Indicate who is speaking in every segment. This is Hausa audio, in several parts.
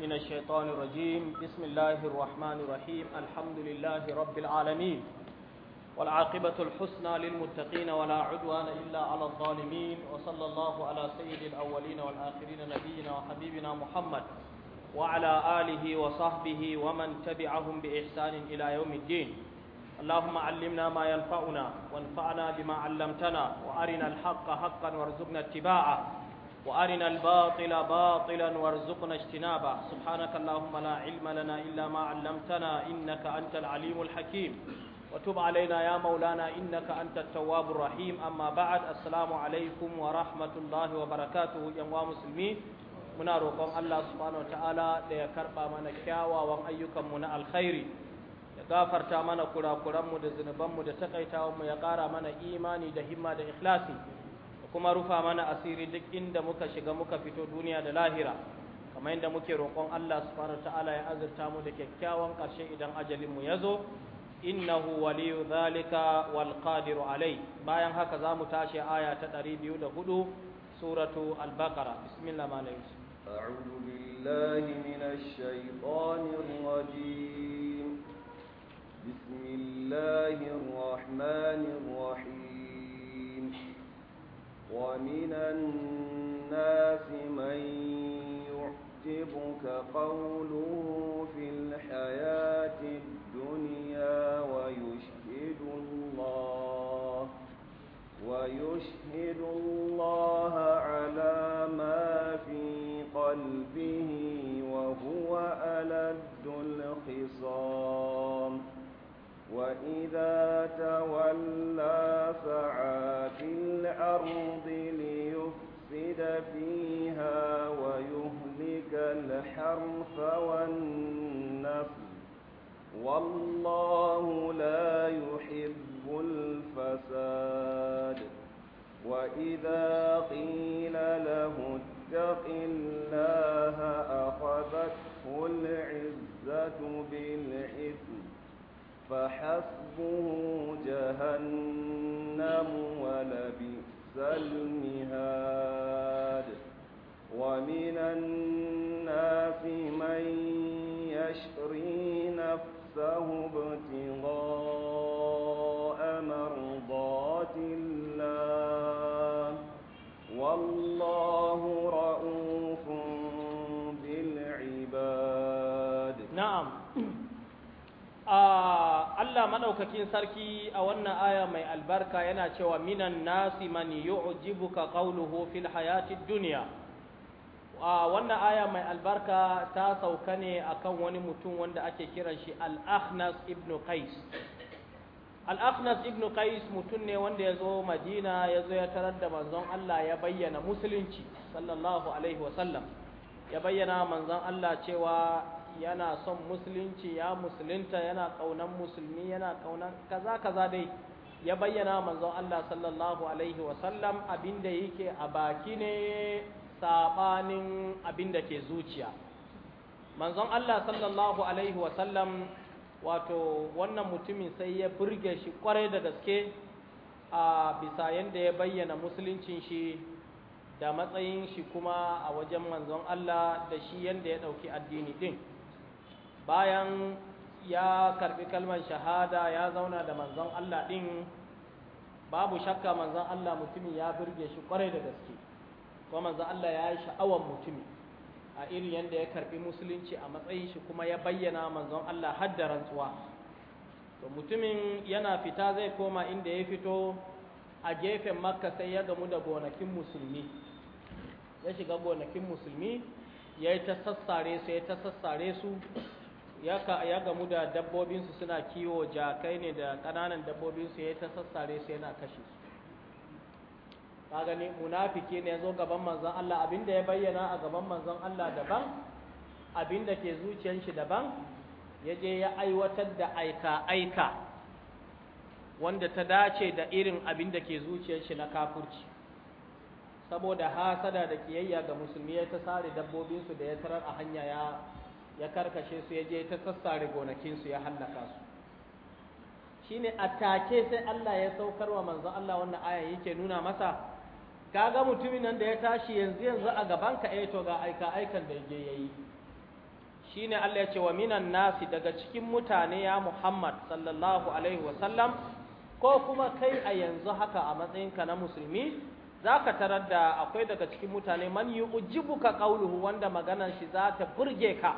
Speaker 1: من الشيطان الرجيم بسم الله الرحمن الرحيم الحمد لله رب العالمين والعاقبة الحسنى للمتقين ولا عدوان إلا على الظالمين وصلى الله على سيد الأولين والآخرين نبينا وحبيبنا محمد وعلى آله وصحبه ومن تبعهم بإحسان إلى يوم الدين اللهم علمنا ما ينفعنا وانفعنا بما علمتنا وأرنا الحق حقا وارزقنا اتباعه وأرنا الباطل باطلا وارزقنا اجتنابه سبحانك اللهم لا علم لنا إلا ما علمتنا إنك أنت العليم الحكيم وتب علينا يا مولانا إنك أنت التواب الرحيم أما بعد السلام عليكم ورحمة الله وبركاته يا مسلمين muna roƙon Allah subhanahu wataala da ya karɓa mana kyawawan ayyukanmu na alkhairi ya gafarta mana kurakuranmu da zunubanmu da takaitawanmu ya ƙara mana imani da himma da ikhlasi kuma rufa mana asiri duk inda muka shiga muka fito duniya da lahira kamar yadda muke roƙon Allah subhanahu ta'ala ya azurta mu da kyakkyawan ƙarshe idan ajalin mu ya zo innahu waliyu zalika wal qadiru alai bayan haka zamu tashi aya ta 204 suratu al-baqara bismillah ma la a'udhu billahi minash shaitanir
Speaker 2: rajim bismillahir rahmanir rahim ومن الناس من يعجبك قوله في الحياة الدنيا ويشهد الله ويشهد الله على ما في قلبه وهو ألد الخصام وإذا تولى سعى في الأرض ليفسد فيها ويهلك الحرث والنسل والله لا يحب الفساد وإذا قيل له اتق الله
Speaker 1: madaukakin sarki a wannan aya mai albarka yana cewa minan nasi man yu'jibuka qawluhu fil hayati dunya a wannan aya mai albarka ta sauka ne akan wani mutum wanda ake kiran shi al-Akhnas ibn Qais al-Akhnas ibn Qais mutum ne wanda ya zo Madina ya zo ya tarar da manzon Allah ya bayyana musulunci sallallahu alaihi ya bayyana manzon Allah cewa yana son musulunci ya musulunta yana ƙaunar musulmi yana ƙaunar kaza kaza dai ya bayyana manzo Allah sallallahu alaihi sallam abinda yake a baki ne saɓanin abinda ke zuciya manzon Allah sallallahu alaihi Sallam wato wannan mutumin sai ya burge shi kwarai da gaske a bisa yadda ya bayyana musuluncin shi da matsayin shi kuma a wajen manzon Allah da shi yanda ya ɗauki addini din. bayan ya karbi kalmar shahada ya zauna da manzon Allah ɗin, babu shakka manzon Allah mutumin ya burge shi kwarai da gaske kuma manzon Allah ya yi sha'awar mutumi a irin yadda ya karbi musulunci a matsayin shi kuma ya bayyana manzon Allah hadda rantsuwa to mutumin yana fita zai koma inda ya fito a gefen makka sai ya gamu da gonakin musulmi ya shiga gonakin musulmi ya yi ta sassare su ya ta sassare su ya gamu da dabbobinsu suna kiwo jakai ne da ƙananan dabbobinsu ya ta sassare su yana kashe su ka gani munafiki ne ya zo gaban manzon Allah abinda ya bayyana a gaban manzon Allah daban abinda ke zuciyar shi daban ya je ya aiwatar da aika aika wanda ta dace da irin abinda ke zuciyar shi na kafurci saboda hasada da kiyayya ga musulmi ya ta sare dabbobinsu da ya tarar a hanya ya ya karkashe su ya je ta sassare gonakinsu ya hallaka su Shi ne a take sai Allah ya saukar wa manzo Allah wannan aya yake nuna masa Ka ga mutumin nan da ya tashi yanzu yanzu a gaban ka eh to ga aika aikan da yake yayi ne Allah ya ce wa minan nasi daga cikin mutane ya Muhammad sallallahu alaihi wa ko kuma kai a yanzu haka a matsayinka na musulmi zaka tarar da akwai daga cikin mutane man yu'jibuka qawluhu wanda maganar shi za ta burge ka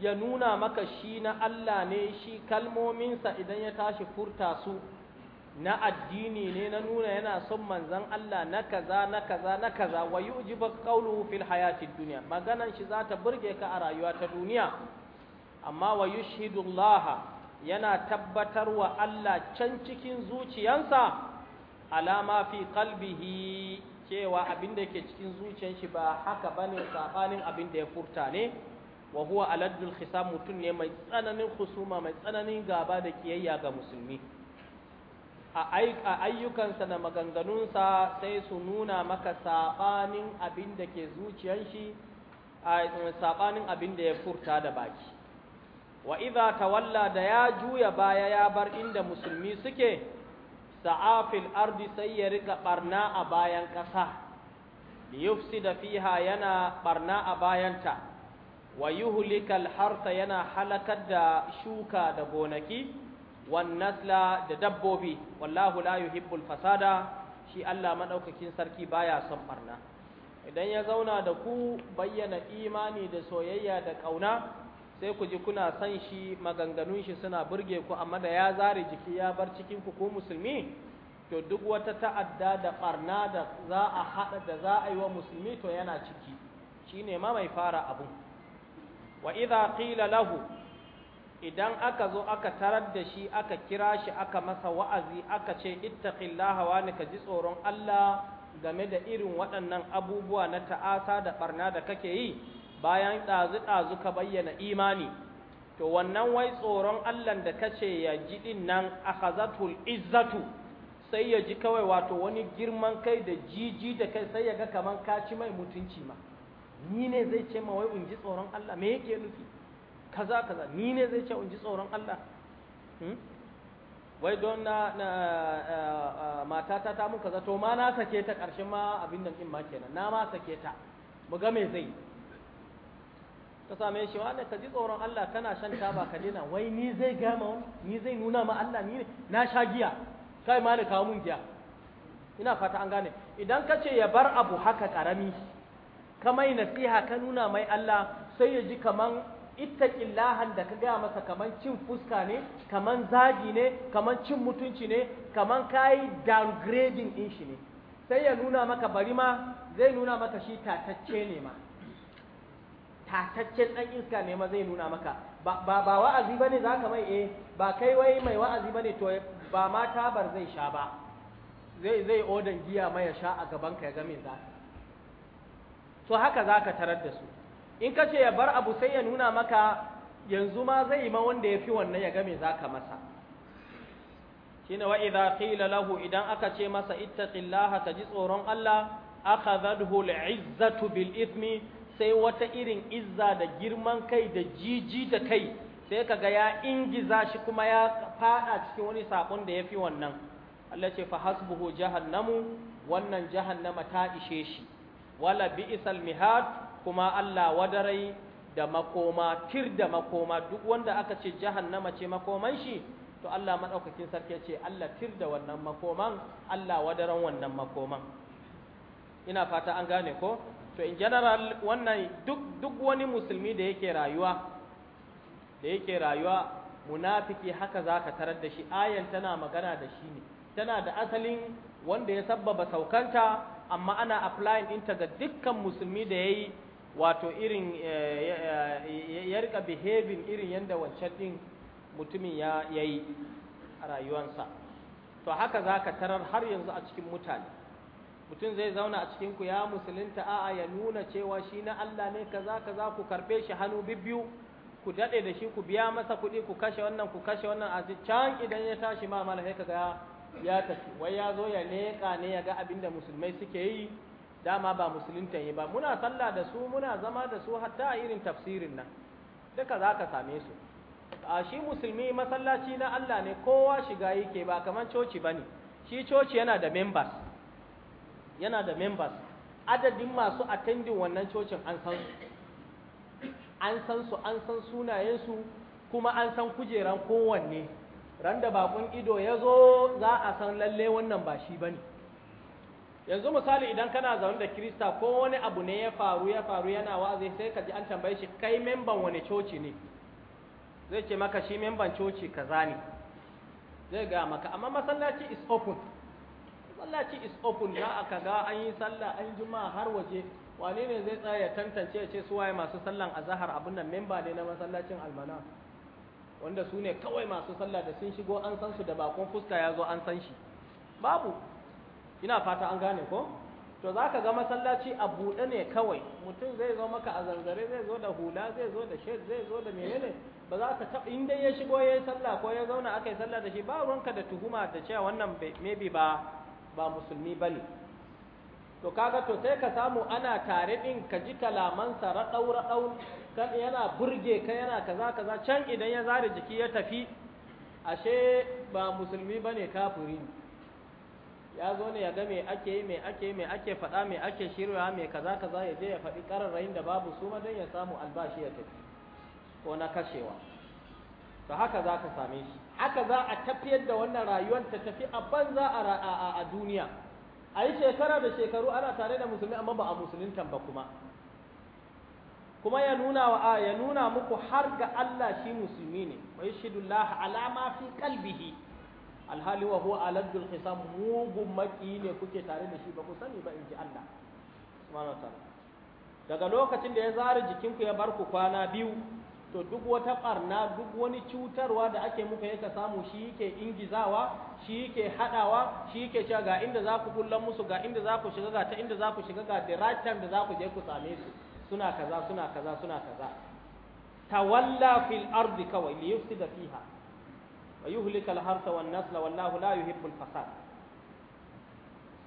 Speaker 1: ya nuna maka shi na Allah ne shi kalmominsa idan ya tashi furta su na addini ne na nuna yana son manzan Allah na kaza na kaza na kaza wa yujiba qawluhu fil hayati dunya maganan shi za ta burge ka a rayuwa ta duniya amma wa yushhidu Allah yana tabbatar wa Allah can cikin zuciyansa alama fi qalbihi cewa abin da yake cikin zuciyar shi ba haka bane sabanin abin da ya furta ne wa huwa aladdul khisam mutum ne mai tsananin husuma mai tsananin gaba da kiyayya ga musulmi a ayyukansa da maganganunsa sai su nuna maka sabanin abin da ke zuciyan shi sabanin abin da ya furta da baki wa idza tawalla da ya juya baya ya bar inda musulmi suke sa'afil ardi sai ya rika barna a bayan ƙasa yufsida fiha yana barna a bayanta wa yuhlikal harta yana halakar da shuka da gonaki wan nasla da dabbobi wallahu la yuhibbul fasada shi Allah madaukakin sarki baya son barna idan ya zauna da ku bayyana imani da soyayya da ƙauna, sai ku ji kuna san shi maganganun shi suna burge ku amma da ya zare jiki ya bar cikin ku ko musulmi to duk wata ta'adda da barna da za a hada da za a yi wa musulmi to yana ciki shine ma mai fara abun wa idha qila lahu idan aka zo aka tarar da shi aka kira shi aka masa wa'azi aka ce ittaqillaha wa ka ji tsoron Allah game da irin waɗannan abubuwa na ta'asa da barna da kake yi bayan ɗazu ɗazu ka bayyana imani to wannan wai tsoron Allah da kace ya ji din nan akhazatul izzatu sai ya ji kawai wato wani girman kai da jiji da kai sai ya ga kaman ka ci mai mutunci ma ni ne zai ce ma wai in ji tsoron Allah me yake nufi kaza kaza ni ne zai ce in ji tsoron Allah hmm? wai don na, na eh, eh, matata ta mun kaza to ma na sake ta ƙarshen ma abin nan din ma kenan na ma sake ta mu ga me zai ta same shi wanda ka ji tsoron Allah kana shan taba ka dina wai ni zai ga ma ni zai nuna ma Allah ni na sha giya kai ma ne kawo mun giya ina fata an gane idan ka ce ya bar abu haka karami kamai nasiha ka nuna mai Allah sai ya ji kaman ittaqillahan da ka gaya masa kaman cin fuska ne kaman zagi ne kaman cin mutunci ne kaman kai downgrading din shi ne sai ya nuna maka bari ma zai nuna maka shi tatacce ne ma tataccen dan iska ne ma zai nuna maka ba ba, ba wa'azi bane zaka mai eh ba kai wai mai wa'azi bane to ba mata bar zai sha ba zai zai odan giya mai ya sha a gaban ka ya ga me zaka to haka za ka tarar da su in ka ce ya bar abu sai ya nuna maka yanzu ma zai yi ma wanda ya fi wannan ya game za ka masa shine wa idza qila lahu idan aka ce masa ita ka ji tsoron Allah aka zadhul izzatu bil ismi sai wata irin izza da girman kai da jiji da kai sai ka ga ya ingiza shi kuma ya fada cikin wani sakon da ya fi wannan Allah ce fa hasbuhu jahannamu wannan jahannama ta ishe shi wala bi'sal mihad kuma Allah wadarai da makoma tir da makoma duk wanda aka ce jahannama ce makoman shi to Allah madaukakin sarki ce Allah tir da wannan makoman Allah wadaran wannan makoman ina fata an gane ko to in general wannan duk duk wani musulmi da yake rayuwa da yake rayuwa munafiki haka zaka tarar da shi ayan tana magana da shi ne tana da asalin wanda ya sabbaba saukanta amma ana applying dinta ga dukkan musulmi da ya yi wato irin eh, ya rika behaving irin yadda wancan din mutumin ya yi a rayuwansa to haka zaka ka tarar har yanzu a cikin mutane mutum zai zauna a cikin ku ya musulunta a'a ya nuna cewa shi na Allah ne kaza kaza ku karɓe shi hannu bibbiyu ku dade da shi ku biya masa kuɗi ku kashe wannan ku kashe wannan a can idan ya tashi ma malaka ga ya tafi wai ya zo ya leƙa ne ya ga abin da musulmai suke yi dama ba musulunta yi ba muna sallah da su muna zama da su hatta a irin tafsirin nan duka za ka same su a shi musulmi masallaci na Allah ne kowa shiga yake ba kamar coci ba ne shi coci yana da members yana da members adadin masu attendin wannan cocin an san su an san su an san sunayensu kuma an san kujeran kowanne randa bakun ido ya zo za a san lalle wannan ba shi ba ne yanzu misali idan kana zaune da kirista ko wani abu ne ya faru ya faru yana wa'azi sai ka ji an tambaye shi kai memban wani coci ne zai ce maka shi memban coci kaza ne zai ga maka amma masallaci is open masallaci is open za a kaga an yi sallah an juma har waje wane ne zai tsaya ya tantance ya ce su waye masu sallan azahar abin nan memba ne na masallacin almana wanda su ne kawai masu sallah da sun shigo an san su da bakon fuska ya zo an san shi babu ina fata an gane ko to za ka ga masallaci a buɗe ne kawai mutum zai zo maka a zanzare zai zo da hula zai zo da shed zai zo da menene ba za ka taɓa in dai ya shigo ya yi sallah ko ya zauna aka yi sallah da shi ba ruwanka da tuhuma da cewa wannan maybe ba ba musulmi ba ne to kaga to sai ka samu ana tare ɗin ka ji kalamansa raɗau raɗau yana burge ka yana kaza kaza can idan ya zare jiki ya tafi ashe ba musulmi bane kafiri ya zo ne ya ga me ake yi me ake yi me ake faɗa me ake shirya me kaza kaza ya je ya faɗi ƙararrayin da babu su ma don ya samu albashi ya tafi ko na kashewa to haka za ka same shi haka za a tafiyar da wannan rayuwar ta tafi a banza a duniya a yi shekara da shekaru ana tare da musulmi amma ba a musuluntan ba kuma kuma ya nuna wa ya nuna muku har ga Allah shi musulmi ne wa yashhadullah ala ma fi qalbihi alhali wa huwa aladul hisab mugun maki ne kuke tare da shi ba ku sani ba inji Allah subhanahu daga lokacin da ya zara jikinku ya bar ku kwana biyu to duk wata ɓarna duk wani cutarwa da ake muka yaka samu shi yake ingizawa shi yake hadawa shi yake cewa ga inda za ku kullan musu ga inda za ku shiga ga ta inda za ku shiga ga da right time da za ku je ku same su suna kaza suna kaza suna kaza tawalla fil ardi kawai li yufsida fiha wa yuhlika al harsa wan nasla wallahu la yuhibbul fasad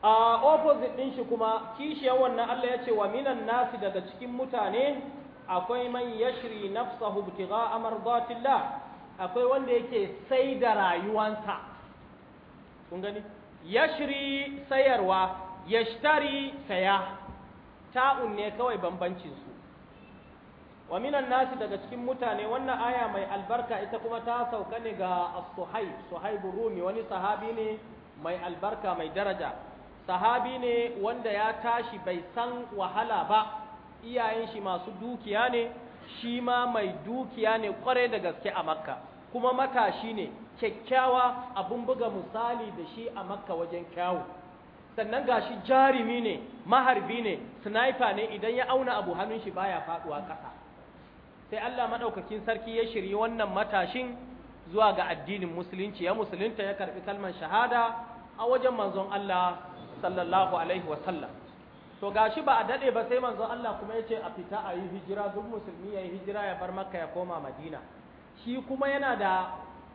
Speaker 1: a opposite din shi kuma kishiyar wannan Allah ya ce wa minan nasi daga cikin mutane akwai man yashri nafsahu ibtigha'a mardatillah akwai wanda yake sai da rayuwansa kun gani yashri sayarwa yashtari saya ta'un ne kawai bambancin su wa minan nasi daga cikin mutane wannan aya mai albarka ita kuma ta sauka ne ga as-suhaib suhaib rumi wani sahabi ne mai albarka mai daraja sahabi ne wanda ya tashi bai san wahala ba iyayen shi masu dukiya ne shi ma mai dukiya ne kwarai da gaske a makka kuma matashi ne kyakkyawa abun buga misali da shi a makka wajen kyawu sannan gashi jarimi ne maharbi ne sniper ne idan ya auna abu hannun shi baya faduwa ƙasa sai Allah madaukakin sarki ya shiryi wannan matashin zuwa ga addinin musulunci ya musulunta ya karbi kalmar shahada a wajen manzon Allah sallallahu alaihi sallam to gashi ba a dade ba sai manzon Allah kuma ya ce a fita a yi hijira duk musulmi ya yi hijira ya bar makka ya koma madina shi kuma yana da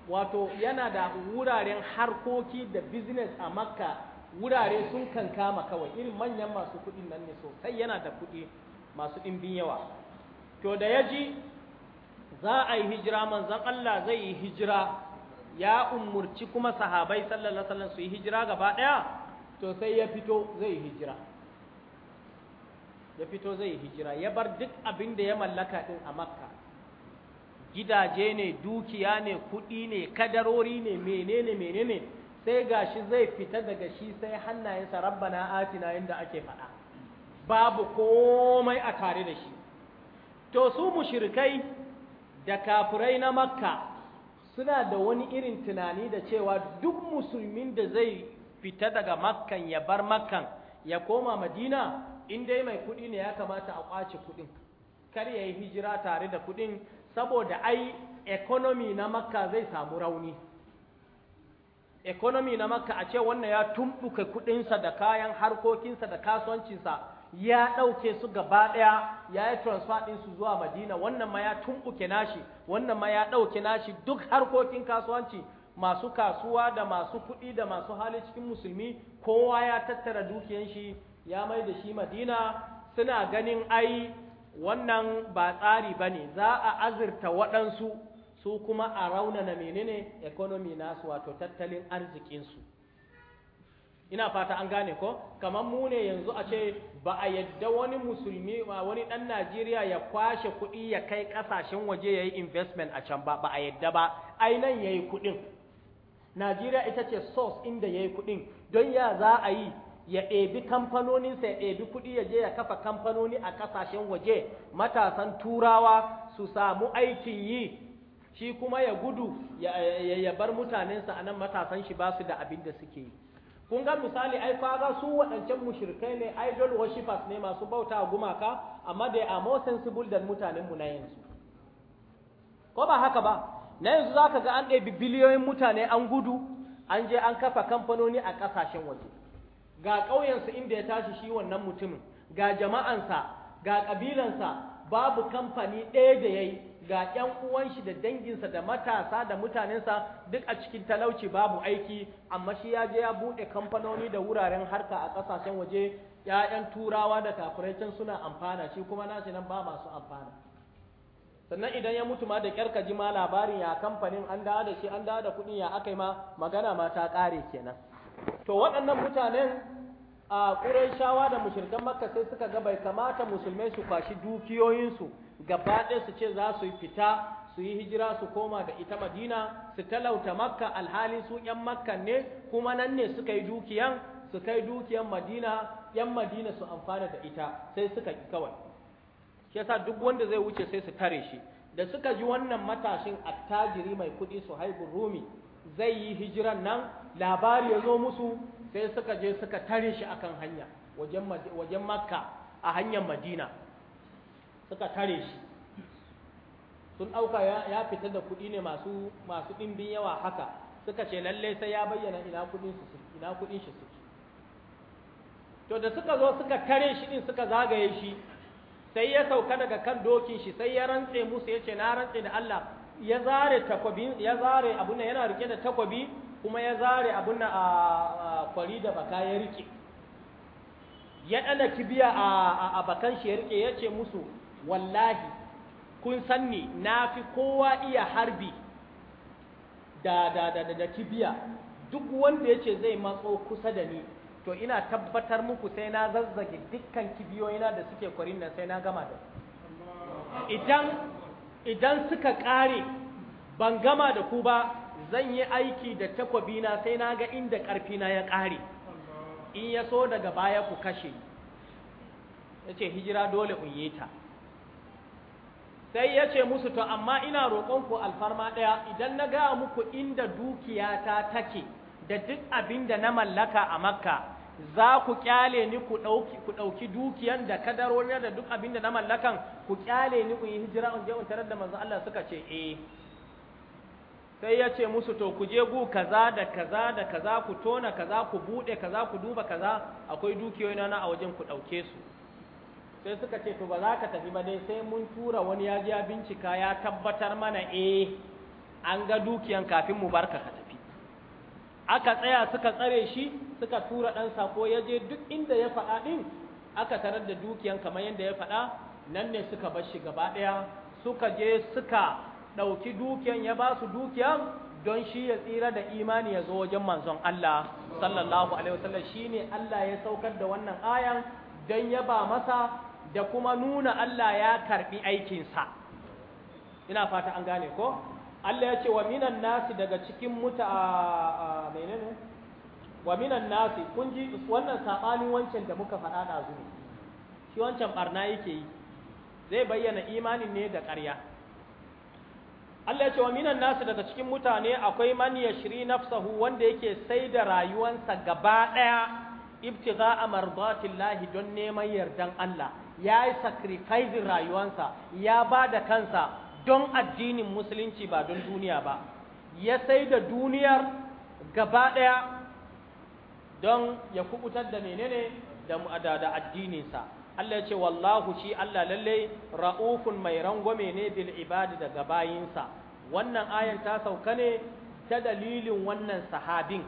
Speaker 1: wato yana da wuraren harkoki da business a makka wurare sun kan kama kawai irin manyan masu kuɗin nan ne sosai yana da kuɗi masu ɗimbin yawa to da ya ji za a yi hijira manzon Allah zai yi hijira ya umurci kuma sahabai sallallahu alaihi wasallam su yi hijira gaba ɗaya to sai ya fito zai yi hijira ya fito zai yi hijira ya bar duk abin da ya mallaka din a makka gidaje ne dukiya ne kuɗi ne kadarori ne menene menene sai gashi zai fita daga shi sai hannayensa rabbana atina inda ake faɗa babu komai a tare da shi to su mushrikai da kafirai na makka suna da wani irin tunani da cewa duk musulmin da zai fita daga makkan ya bar makkan ya koma madina in dai mai kuɗi ne ya kamata a kwace kuɗin kar ya yi hijira tare da kuɗin saboda ai economy na makka zai samu rauni economy na makka a ce wannan ya tumbuka kudinsa da kayan harkokinsa da kasuwancinsa ya ɗauke su gaba ɗaya ya yi transfer ɗinsu zuwa madina wannan ma ya tumbuke nashi wannan ma ya ɗauke nashi duk harkokin kasuwanci masu kasuwa da masu kuɗi da masu hali cikin musulmi kowa ya tattara dukiyan shi ya mai da shi madina suna ganin ai wannan ba tsari ba ne za a azurta waɗansu su kuma a raunana menene economy nasu wato tattalin arzikinsu ina fata an gane ko kamar mu ne yanzu a ce ba a yadda wani musulmi wani dan najeriya ya kwashe kuɗi ya kai ƙasashen waje ya yi investment a can ba ba a yadda ba ainihin ya yi kuɗin najeriya ita ce source inda ya yi kuɗin don ya za a yi ya ɗebi kamfanoninsa ya ɗebi kuɗi ya je ya kafa kamfanoni a ƙasashen waje matasan turawa su samu aikin yi shi kuma ya gudu ya bar mutanensa a nan matasan shi ba su da abin da suke yi kun ga misali ai kaga su waɗancan mushrikai ne idol worshipers ne masu bauta gumaka amma da a more sensible than mutanenmu na yanzu ko ba haka ba na yanzu zaka ga an ɗebi biliyoyin mutane an gudu an je an kafa kamfanoni a ƙasashen waje ga ƙauyensu inda ya tashi shi wannan mutumin ga jama'ansa ga ƙabilansa babu kamfani ɗaya da yayi ga ƴan uwan shi da danginsa da matasa da mutanensa duk a cikin talauci babu aiki amma shi ya je ya buɗe kamfanoni da wuraren harka a ƙasashen waje Ya'yan turawa da kafirai suna amfana shi kuma nashi nan ba masu amfana sannan idan ya mutu ma da ƙyarka ji ma labarin ya kamfanin an dawo da shi an dawo da kuɗi ya aka yi ma magana ma ta ƙare kenan to waɗannan mutanen a shawa da mushrikan makka sai suka ga bai kamata musulmai su kwashi dukiyoyinsu gaba ɗaya su ce za su fita su yi hijira su koma da ita madina su talauta makka alhali su ‘yan makka ne kuma nan ne suka yi dukiyan su kai dukiyan madina ‘yan madina su amfana da ita sai suka ki kawai shi yasa duk wanda zai wuce sai su tare shi da suka ji wannan matashin attajiri mai kuɗi su haibu rumi zai yi hijiran nan labari ya zo musu sai suka je suka tare shi akan hanya wajen makka a hanyar madina suka tare shi sun ɗauka ya fita da kuɗi ne masu ɗimbin yawa haka suka ce lallai sai ya bayyana ina kuɗin shi suke to da suka zo suka tare shi ɗin suka zagaye shi sai ya sauka daga kan dokin shi sai ya rantse musu ya ce na rantse da Allah ya zare takwabi ya zare abun yana rike da takwabi kuma ya zare abin a kwari da baka ya rike ya ɗana kibiya a bakan shi ya rike ya ce musu wallahi kun sanni na fi kowa iya harbi da da da da kibiya duk wanda ya ce zai matso kusa da ni to ina tabbatar muku sai na zazzage dukkan kibiyoyina da suke kwarin nan sai na gama da idan idan suka ƙare ban gama da ku ba zan yi aiki da takwabina sai na ga inda ƙarfina ya ƙare in ya so daga baya ku kashe ya ce hijira dole in ta sai ya ce musu to amma ina roƙonku alfarma ɗaya idan na gaya muku inda dukiyata take da duk abin da na mallaka a makka za ku kyale ni ku ɗauki dukiyan da kadarorin da duk abin da na mallakan ku kyale ni ku yi hijira in je da manzo Allah suka ce eh sai ya ce musu to ku je gu kaza da kaza da kaza ku tona kaza ku bude kaza ku duba kaza akwai dukiyoyi na a wajen ku dauke su sai suka ce to ba za ka tafi ba dai sai mun tura wani ya ji ya bincika ya tabbatar mana eh an ga dukiyan kafin mu barka ka tafi aka tsaya suka tsare shi suka tura dan sako ya je duk inda ya faɗa din aka tarar da dukiyan kamar yanda ya faɗa nan ne suka bar shi gaba ɗaya suka je suka ɗauki dukiyan ya ba su dukiyan don shi ya tsira da imani ya zo wajen manzon Allah sallallahu alaihi wasallam shine Allah ya saukar da wannan ayan don ya ba masa da kuma nuna Allah ya karbi aikinsa ina fata an gane ko Allah ya ce wa minan nasi daga cikin muta menene wa minan nasi kun ji wannan sabani wancan da muka faɗa da zuwa shi wancan barna yake yi zai bayyana imanin ne da ƙarya Allah ya ce wa minan nasu daga cikin mutane akwai man yashri nafsahu wanda yake sai da rayuwansa gaba daya ibtiza'a mardatillahi don neman yardan Allah ya yi sacrificing rayuwansa ya ba da kansa don addinin musulunci ba don duniya ba ya sai da duniyar gaba daya don ya kubutar da menene da addininsa Allah ya ce wallahu shi Allah lalle ra'ufun mai rangwame ne bil ibadi daga bayinsa wannan ayan ta sauka ne ta dalilin wannan sahabin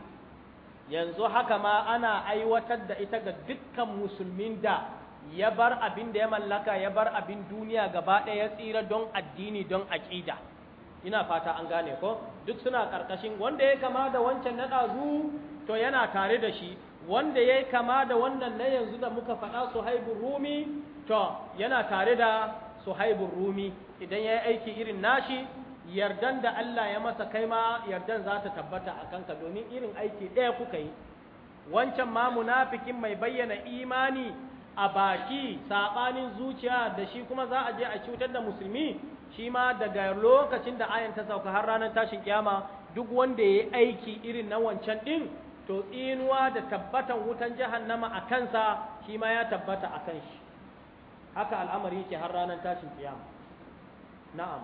Speaker 1: yanzu haka ma ana aiwatar da ita ga dukkan musulmin da ya bar abin da ya mallaka ya bar abin duniya gaba ɗaya ya tsira don addini don aƙida ina fata an gane ko duk suna ƙarƙashin wanda ya kama da wancan na ɗazu to yana tare da shi wanda ya yi kama da wannan na yanzu da muka faɗa suhaibun rumi to yana tare da suhaibun rumi idan ya aiki irin nashi yardan da Allah ya masa kai ma yardan za ta tabbata a kanka domin irin aiki ɗaya kuka yi wancan ma munafikin mai bayyana imani a baki saɓanin zuciya da shi kuma za a je a cutar da musulmi shi ma daga lokacin da ayan ta sauka har ranar tashin kiyama duk wanda ya yi aiki irin na wancan ɗin to inuwa da tabbatan wutan jahannama a kansa shi ma ya tabbata a kan shi haka al'amari yake har ranar tashin kiyama na'am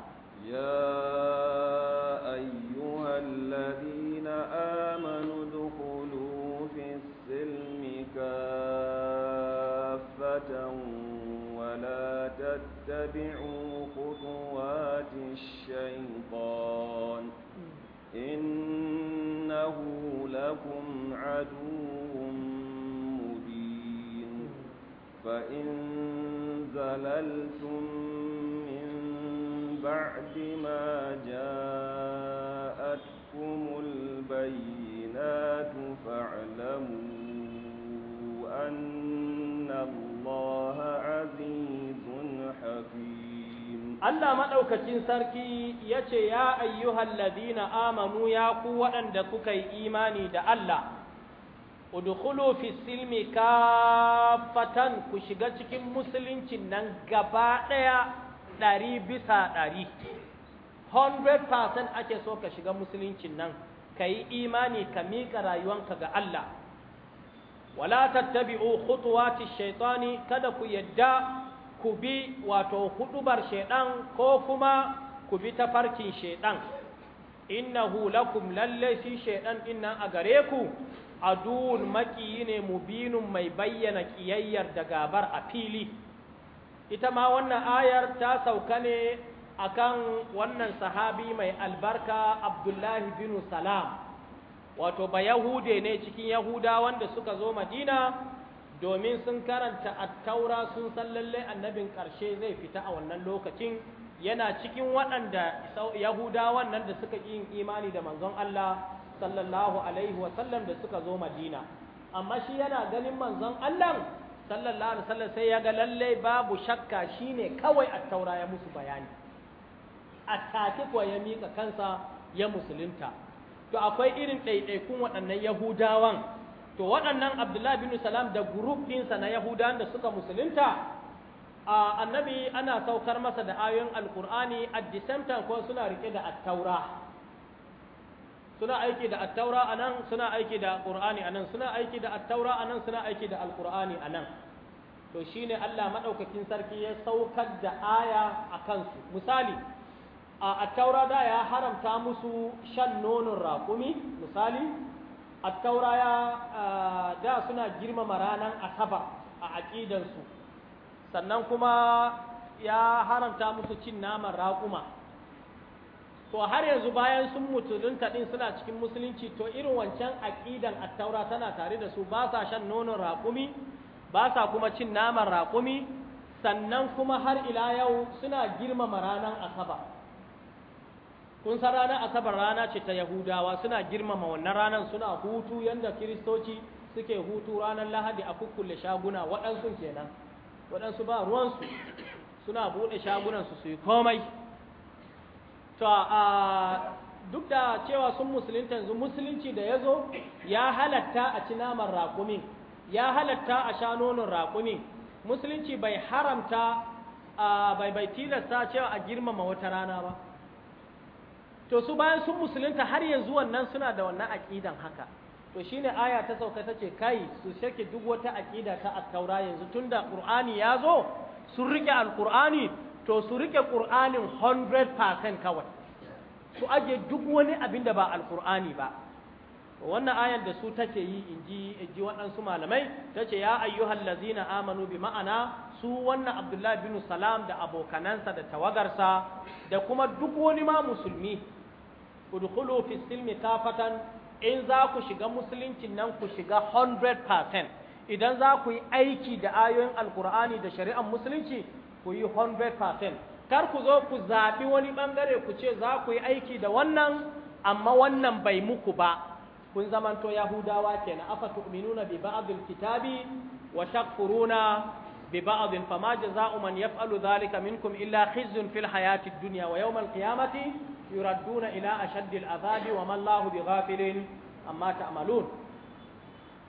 Speaker 2: ya ayyuhal ladina amanu dukhulu في silmi kafatan ولا تتبعوا tattabi'u الشيطان shaytan innahu lakum عدو مبين فإن زللتم من بعد ما جاءتكم البينات فاعلموا أن الله عزيز حكيم Allah
Speaker 1: maɗaukacin sarki ya ce, Ya ayyuhal ladina amanu ya ku waɗanda suka yi imani da Allah, udkhulu fi silmi kafatan ku shiga cikin musuluncin nan gaba daya ɗari bisa ɗari 100% ake so ka shiga musuluncin nan ka yi imani ka miƙa rayuwanka ga Allah wala tattabi'u khutuwati shaitani kada ku yadda ku bi wato hudubar shaidan ko kuma ku bi tafarkin shaidan innahu lakum lallai shi shaidan din a gare ku aduwun makiyi ne mubinun mai bayyana ƙiyayyar da gabar a fili ita ma wannan ayar ta sauka ne a kan wannan sahabi mai albarka abdullahi bin salam wato ba yahude ne cikin yahuda wanda suka zo madina domin sun karanta a taura sun san lalle annabin ƙarshe zai fita a wannan lokacin yana cikin waɗanda yahuda wannan da suka yin imani da manzon Allah sallallahu alaihi wa da suka zo Madina amma shi yana ganin manzon Allah sallallahu alaihi sai ya ga lalle babu shakka shi ne kawai a taura ya musu bayani attake ya mika kansa ya musulunta to akwai irin ɗaiɗaikun waɗannan yahudawan to waɗannan abdullahi bin salam da gurup ɗinsa na yahudawan da suka musulunta annabi ana saukar masa da ayoyin alkur'ani at the ko suna riƙe da Attaura. suna aiki da attaura a nan suna aiki da ƙur'ani a nan suna aiki da attaura a nan suna aiki da alƙur'ani a nan to shi ne Allah maɗaukakin sarki ya saukar da aya a kansu misali a attaura da ya haramta musu shan nonon raƙumi misali attaura ya da suna girmama ranar asabar a aƙidansu sannan kuma ya haramta musu cin naman raƙuma to har yanzu bayan sun mutunta din suna cikin musulunci to irin wancan aƙidan Attaura tana tare da su ba sa shan nonon raƙumi ba sa kuma cin naman raƙumi sannan kuma har ila yau suna girmama ranar asaba kun san ranar asabar rana ce ta yahudawa suna girmama wannan ranar suna hutu yadda kiristoci suke hutu ranar lahadi a kukkule shaguna waɗansu kenan waɗansu ba ruwansu suna buɗe shagunansu su yi komai to a duk da cewa sun musulunta yanzu musulunci da ya zo ya halatta a ci naman raƙumin ya halatta a sha nonon raƙumin musulunci bai haramta bai bai tilasta cewa a girmama wata rana ba to su bayan sun musulunta har yanzu wannan suna da wannan aƙidan haka to shine aya ta sauka ta ce kai su sake duk wata aƙida ta attaura yanzu Tun da ƙur'ani ya zo sun riƙe alƙur'ani to su rike ƙur'anin 100% kawai su ajiye duk wani abin da ba alƙur'ani ba wannan ayar da su take yi in ji waɗansu malamai ta ce ya ayyuhal lazina amanu bi ma'ana su wannan abdullahi bin salam da abokanansa da tawagarsa da kuma duk wani ma musulmi udkhulu fi silmi kafatan in za ku shiga Musulunci nan ku shiga 100% idan za ku yi aiki da ayoyin alkur'ani da shari'ar musulunci ku yi 100% kar ku zo ku zaɓi wani ɓangare ku ce za ku yi aiki da wannan amma wannan bai muku ba kun zamanto yahudawa kenan afa tu'minuna bi ba'dil kitabi wa takfuruna bi ba'din fama jaza'u man yaf'alu dhalika minkum illa khizyun fil hayati dunya wa yawmal qiyamati yuradduna ila ashaddil azabi wa ma Allahu bighafilin amma ta'malun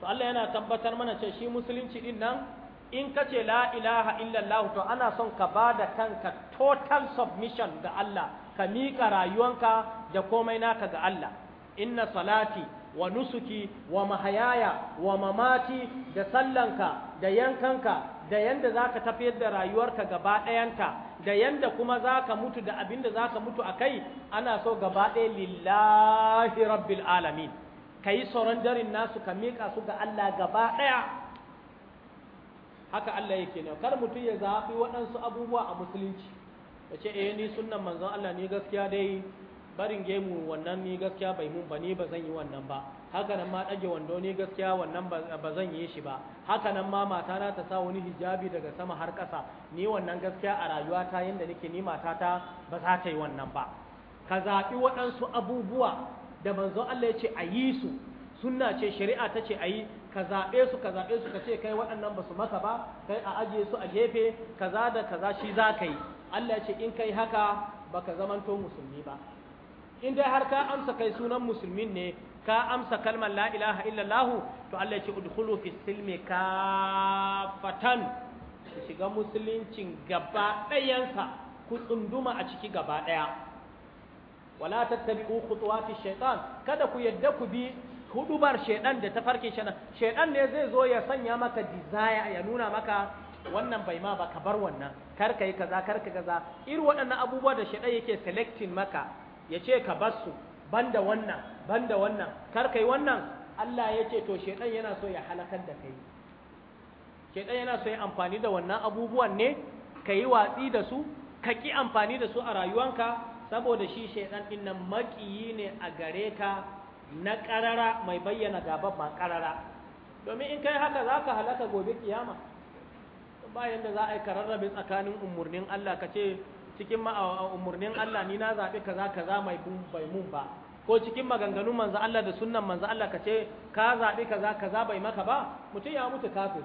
Speaker 1: to Allah yana tabbatar mana cewa shi musulunci din nan in ka ce la ilaha illallah to ana son ka ba da kanka total submission ga Allah ka miƙa rayuwanka da komai naka ga Allah inna salati wa nusuki wa mahayaya wa mamati da sallanka da yankanka da yanda za ka tafiyar da rayuwarka gaba ɗayanta da yanda kuma za ka mutu da abin da za ka mutu a kai ana so gaba ɗaya lillahi rabbil alamin ka yi soron darin nasu ka miƙa su ga Allah gaba ɗaya haka Allah yake ne kar mutum ya zaɓi waɗansu abubuwa a musulunci ya ce eh ni sunnan manzon Allah ni gaskiya dai barin gemu wannan ni gaskiya bai mun ba ni ba zan yi wannan ba haka nan ma ɗage wando ni gaskiya wannan ba zan yi shi ba haka nan ma matana ta sa wani hijabi daga sama har ƙasa ni wannan gaskiya a rayuwata yadda nake ni matata ba za ta yi wannan ba ka zaɓi waɗansu abubuwa da manzon Allah ya ce a yi su sunna ce shari'a ta ce a yi ka zaɓe su ka zaɓe su ka ce kai waɗannan ba su maka ba kai a ajiye su a gefe kaza da kaza shi za ka yi Allah ya ce in kai haka baka zamanto musulmi ba in dai har ka amsa kai sunan musulmin ne ka amsa kalmar la ilaha illallah to Allah ya ce udkhulu fi silmi kafatan ku shiga musuluncin gaba ɗayansa ku tsunduma a ciki gaba ɗaya wala tattabi'u khutuwati shaitan kada ku yadda ku bi hudubar shedan da ta farke shedan shedan ne zai zo ya sanya maka desire ya nuna maka wannan bai ma ba ka bar wannan kar ka yi kaza kar ka kaza irin waɗannan abubuwa da shedan yake selecting maka ya ce ka bar su banda wannan banda wannan kar ka yi wannan Allah ya ce to shedan yana so ya halakar da kai shedan yana so ya amfani da wannan abubuwan ne ka yi watsi da su ka ki amfani da su a rayuwanka saboda shi shedan ɗin makiyi ne a gare ka na ƙarara mai bayyana gaban ba ƙarara domin in kai haka za ka halaka gobe kiyama bayan da za a yi kararrabe tsakanin umarnin Allah ka ce cikin umarnin Allah ni na zaɓi kaza kaza mai bai mun ba ko cikin maganganun manzo Allah da sunnan manzo Allah ka ce ka zaɓi kaza kaza bai maka ba mutum ya mutu kafin.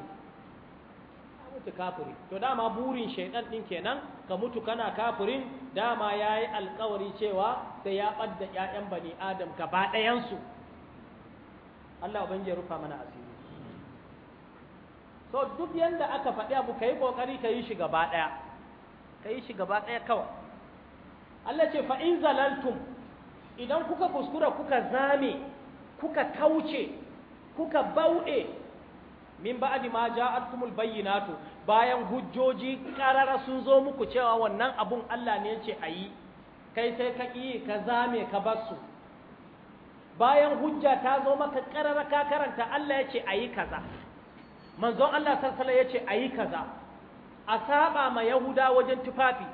Speaker 1: mutu kafiri to dama burin shaidan din kenan ka mutu kana kafirin dama yayi alkawari cewa sai ya ɓadda ƴaƴan bani adam gaba ɗayan Allah ubangiji ya rufa mana asiri so duk yanda aka faɗi abu kai kokari ka yi shi gaba ɗaya ka shi gaba ɗaya kawai Allah ce fa in zalaltum idan kuka kuskura kuka zame kuka kauce kuka bauɗe min ba'di ma ja'atkumul bayyinatu bayan hujjoji karara sun zo muku cewa wannan abun Allah ne ce a yi kai sai ka yi ka zame ka basu bayan hujja ta zo maka karara ka karanta Allah ya ce a yi kaza manzon Allah sassala ya ce a yi kaza a saba ma yahuda wajen tufafi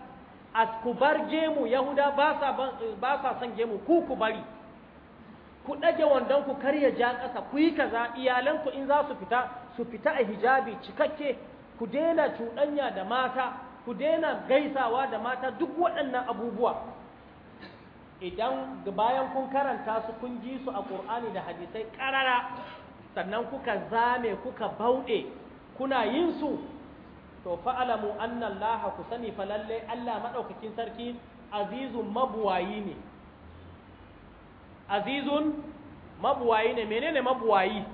Speaker 1: a ku bar gemu yahuda ba sa son gemu ku ku bari ku ɗage wandon ku karya ja ƙasa ku yi kaza iyalanku in za su fita su fita a hijabi cikakke ku daina cuɗanya da mata ku daina gaisawa da mata duk waɗannan abubuwa idan bayan kun karanta su kun ji su a ƙur'ani da hadisai ƙarara sannan kuka zame kuka bauɗe kuna yin su to fa'alamu annan laha ku sani fa Allah maɗaukakin sarki azizun mabuwayi ne azizun mabuwayi ne menene mabuwayi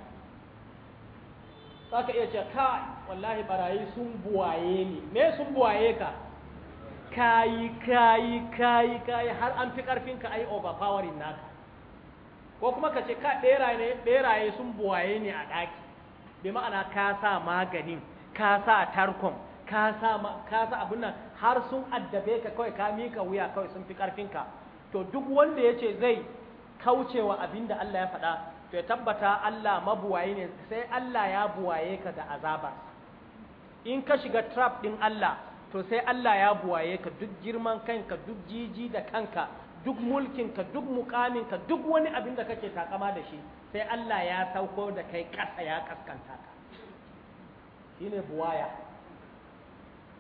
Speaker 1: za iya ce kai wallahi barayi sun buwaye ni me sun buwaye ka kayi kayi kayi kayi har an fi karfin ka ai overpowering naka ko kuma ka ce ka beraye beraye sun buwaye ni a daki bi ma'ana ka sa maganin ka sa tarkon ka sa ka sa abun nan har sun addabe ka kawai ka mika wuya kawai sun fi karfin ka to duk wanda yace zai kaucewa abinda Allah ya faɗa to tabbata Allah mabuwaye ne sai Allah ya buwaye ka da azaba in ka shiga trap din Allah to sai Allah ya buwaye ka duk girman kanka duk jiji da kanka duk mulkinka duk ka duk wani abin da kake takama da shi sai Allah ya sauko da kai ƙasa ya kaskanta ka shine buwaya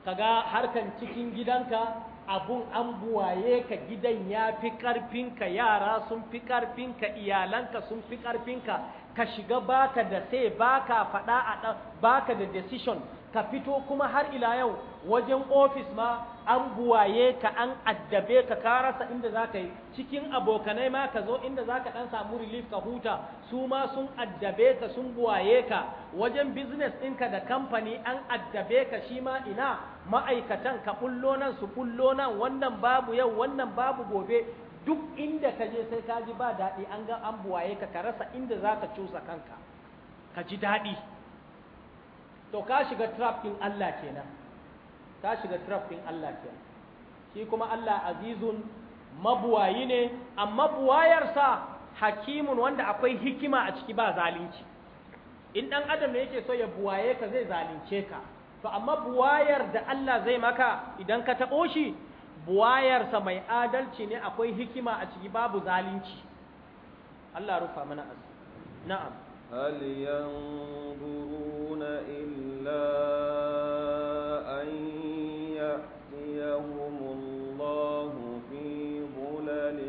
Speaker 1: kaga harkan cikin gidanka abun an buwaye ka gidan ya fi ƙarfinka yara sun fi ƙarfinka iyalanka sun fi ƙarfinka ka shiga baka da sai baka faɗa a baka da decision ka fito kuma har ila yau wajen ofis ma an buwaye ka an addabe ka ka rasa inda za ka yi cikin abokanai ma ka zo inda za ka ɗan samu relief ka huta su ma sun addabe ka sun buwaye ka wajen business ɗinka da kamfani an addabe ka shi ma ina ma'aikatan ka ɓullo nan su ɓullo nan wannan babu yau wannan babu gobe duk inda ka je sai ka ji ba daɗi an ga an buwaye ka ka rasa inda za ka cusa kanka ka ji daɗi to ka shiga trap din Allah kenan ka shiga trap din Allah kenan shi kuma Allah azizun mabuwayi ne amma buwayarsa hakimun wanda akwai hikima a ciki ba zalunci in dan adam ne yake so ya buwaye ka zai zalunce ka to amma buwayar da Allah zai maka idan ka taɓo shi buwayarsa mai adalci ne akwai hikima a ciki babu zalunci Allah rufa mana asiri na'am
Speaker 2: hal yanzuruna illa إلا أن يأتيهم الله في ظلل